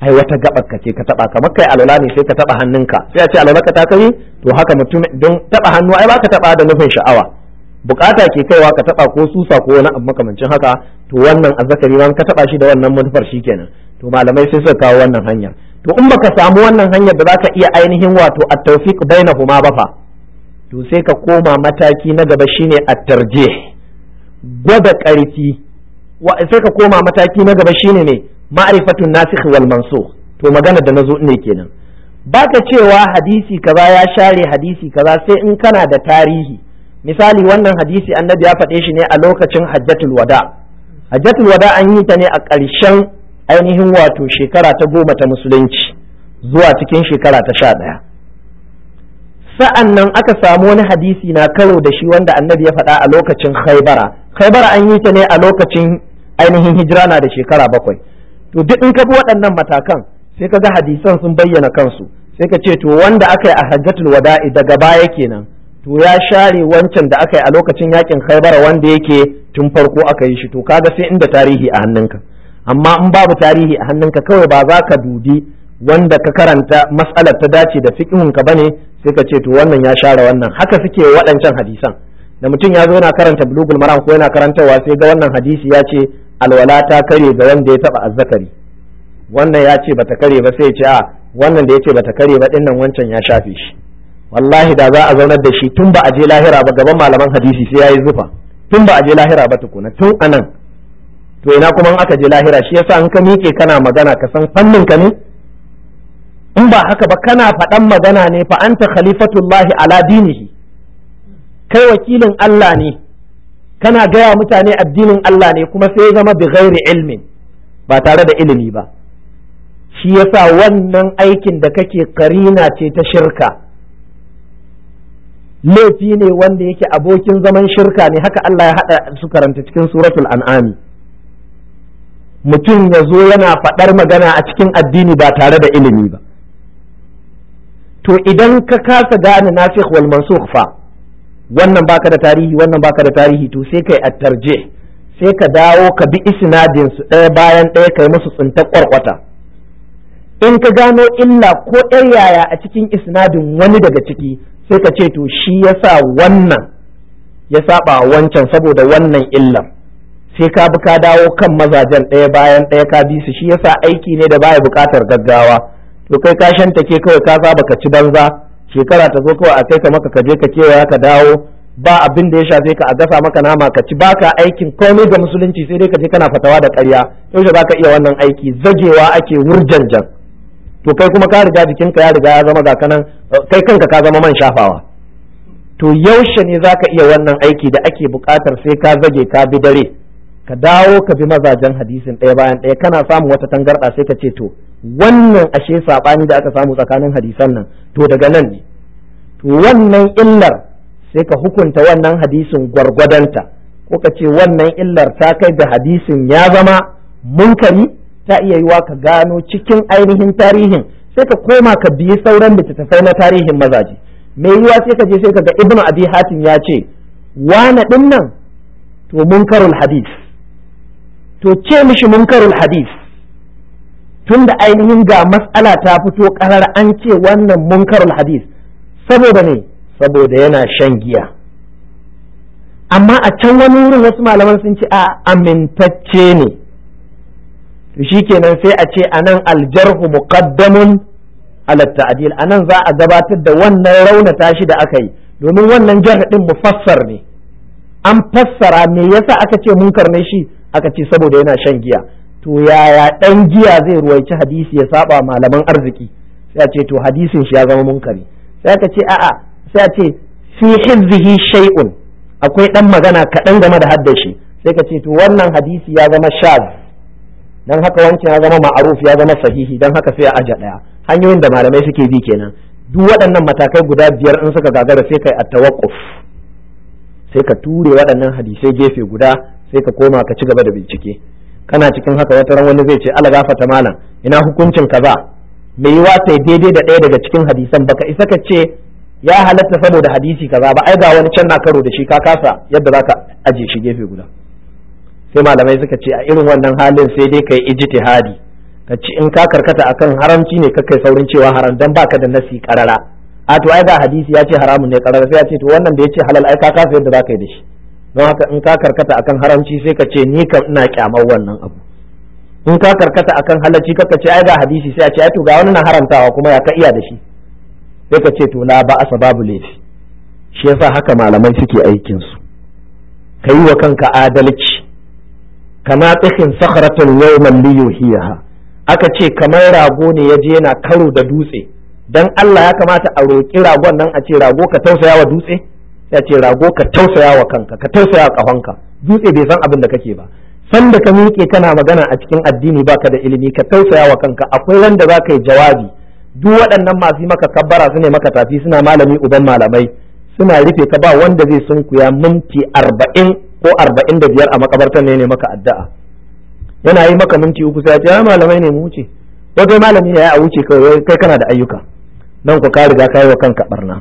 ai wata gabar ka ce ka taba kamar kai alwala ne sai ka taba hannunka sai a ce alwala ka ta kare to haka mutum don taba hannu ai baka taba da nufin sha'awa bukata ke kaiwa ka taba ko susa ko wani abu makamancin haka to wannan azzakari ran ka taba shi da wannan manufar shikenan to malamai sai suka kawo wannan hanyar to in baka samu wannan hanyar da zaka iya ainihin wato at-tawfiq bainahuma ba fa to sai ka koma mataki na gaba shine at-tarjih gwada karfi sai ka koma mataki na gaba shine ne ma'rifatun nasikh wal mansukh to magana da nazo ne kenan baka cewa hadisi kaza ya share hadisi kaza sai in kana da tarihi misali wannan hadisi annabi ya faɗe shi ne a lokacin hajjatul wada hajjatul wada an yi ta ne a ƙarshen ainihin wato shekara ta goma ta musulunci zuwa cikin shekara ta sha ɗaya sa'an nan aka samu wani hadisi na karo da shi wanda annabi ya faɗa a lokacin khaibara khaibara an yi ta ne a lokacin ainihin hijira na da shekara bakwai to duk in ka bi waɗannan matakan sai ka ga hadisan sun bayyana kansu sai ka ce to wanda aka yi a hajjatul wada'i daga baya kenan to ya share wancan da aka yi a lokacin yakin khaibara wanda yake tun farko aka yi shi to kaga sai inda tarihi a hannunka amma in babu tarihi a hannunka kawai ba za ka dubi wanda ka karanta matsalar ta dace da fikihun ka bane sai ka ce to wannan ya share wannan haka suke waɗancan hadisan da mutum ya zo yana karanta bulugul maram ko yana karantawa sai ga wannan hadisi ya ce alwala ta kare ga wanda ya taba azzakari wannan ya ce bata kare ba sai ya ce a wannan da ya ce bata kare ba dinnan wancan ya shafe shi wallahi da za a zaunar da shi tun ba a je lahira ba gaban malaman hadisi sai yayi zufa tun ba a je lahira ba tukuna tun anan to ina kuma aka je lahira shi yasa in ka miƙe kana magana ka san fannin ka ne in ba haka ba kana faɗan magana ne fa anta khalifatullahi ala dinihi kai wakilin Allah ne kana gaya mutane addinin Allah ne kuma sai zama bi ghairi ilmin ba tare da ilimi ba shi yasa wannan aikin da kake karina ce ta shirka laifi ne wanda yake abokin zaman shirka ne haka Allah ya haɗa su karanta cikin suratul an'ami mutum ya zo yana faɗar magana a cikin addini ba tare da ilimi ba to idan ka kasa gane nasikh wal fa wannan baka da tarihi wannan baka da tarihi to sai kai attarje sai ka dawo ka bi isnadin su ɗaya bayan ɗaya kai musu tsinta kwarkwata in ka gano illa ko ɗar yaya a cikin isnadin wani daga ciki sai ka ce to shi ya sa wannan ya saba wancan saboda wannan illar sai ka bi ka dawo kan mazajen ɗaya bayan ɗaya ka bi su shi ya sa aiki ne da baya buƙatar gaggawa to kai ka shanta ke kawai ka saba ka ci banza shekara ta zo kawai a kai ka maka ka je ka kewaya ka dawo ba abin da ya shafe ka a gasa maka nama ka ci baka aikin komai ga musulunci sai dai ka je kana fatawa da ƙarya yaushe za ka iya wannan aiki zagewa ake wurjanjan to kai kuma ka riga jikinka ya riga ya zama ga kanan eh, kai kanka ka zama man shafawa to yaushe ne zaka iya wannan aiki da ake buƙatar sai ka zage ka bi dare ka dawo ka bi mazajen hadisin ɗaya bayan ɗaya kana samun wata tangarɗa sai ka ce to wannan ashe saɓani da aka samu tsakanin hadisan nan to daga nan ne to wannan illar sai ka hukunta wannan hadisin gwargwadonta ko ka ce wannan illar ta kai da hadisin ya zama munkari ta iya yiwa ka gano cikin ainihin tarihin sai ka koma ka biyi sauran littattafai na tarihin mazaje mai yiwa sai ka je sai ka ga ibnu abi hatim ya ce wane din nan to munkarul hadith to ce mishi munkarul hadith tunda ainihin ga mas'ala ta fito karar an ce wannan munkarul hadis? saboda ne saboda yana shan giya amma a can wani wurin wasu malaman sun ce a amintacce ne kenan sai a ce anan aljarhu muqaddamun ala ta'dil anan za a gabatar da wannan raunata shi da aka yi domin wannan jarh din mufassar ne an fassara me yasa aka ce munkar ne shi aka ce saboda yana shan giya to yaya dan giya zai ruwaici hadisi ya saba malaman arziki sai a ce to hadisin shi ya zama munkari sai aka ce a'a sai a ce fi hizzihi shay'un akwai dan magana kaɗan game da haddashi sai ka ce to wannan hadisi ya zama shaz dan haka wancan ya zama ma'aruf ya zama sahihi dan haka sai a aja daya hanyoyin da malamai suke bi kenan duk waɗannan matakai guda biyar in suka gagara sai kai at-tawaqquf sai ka ture waɗannan hadisai gefe guda sai ka koma ka ci gaba da bincike kana cikin haka wata ran wani zai ce ala gafata malam ina hukuncin kaza me yiwa sai daidai da ɗaya daga cikin hadisan baka isa ka ce ya halatta saboda hadisi kaza ba ai ga wani can na karo da shi ka kasa yadda zaka aje shi gefe guda sai malamai suka ce a irin wannan halin sai dai kai ijtihadi ka ci in ka karkata akan haramci ne ka kai saurin cewa haram dan baka da nasi karara a to ai ga hadisi ya ce haramun ne karara sai ya ce to wannan da ya ce halal ai ka kasa yadda zaka yi da shi don haka in ka karkata akan haramci sai ka ce ni kam ina kyamar wannan abu in ka karkata akan halalci ka ce ai ga hadisi sai a ce ai to ga wani na haramtawa kuma ya ka iya da shi sai ka ce to la ba asbabu babu laifi shi yasa haka malamai suke aikin su ka wa kanka adalci kama tsakin sakharatun yawman ha. aka ce kamar rago ne ya je yana karo da dutse dan Allah ya kamata a roƙi ragon nan a ce rago ka tausaya wa dutse ya ce rago ka tausaya wa kanka ka tausaya wa kafanka dutse bai san abin da kake ba san da ka miƙe kana magana a cikin addini ba ka da ilimi ka tausaya wa kanka akwai wanda za ka yi jawabi duk waɗannan masu maka kabbara su ne maka tafi suna malami uban malamai suna rufe ka ba wanda zai sunkuya minti arba'in ko arba'in da biyar a makabartar ne ne maka addu'a yana yi maka minti uku sai ya malamai ne mu wuce ko kai malami ne ya wuce kai kana da ayyuka nan ku ka riga ka yi wa kanka barna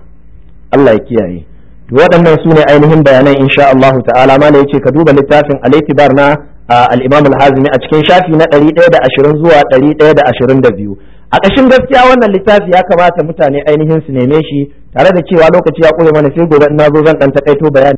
Allah ya kiyaye to waɗannan su ne ainihin bayanan insha Allah ta'ala malai yace ka duba littafin al barna na al-Imam al-Hazimi a cikin shafi na 120 zuwa 122 a ƙashin gaskiya wannan littafi ya kamata mutane ainihin su neme shi tare da cewa lokaci ya ƙure mana sai gobe ina zo zan ɗan taƙaito bayani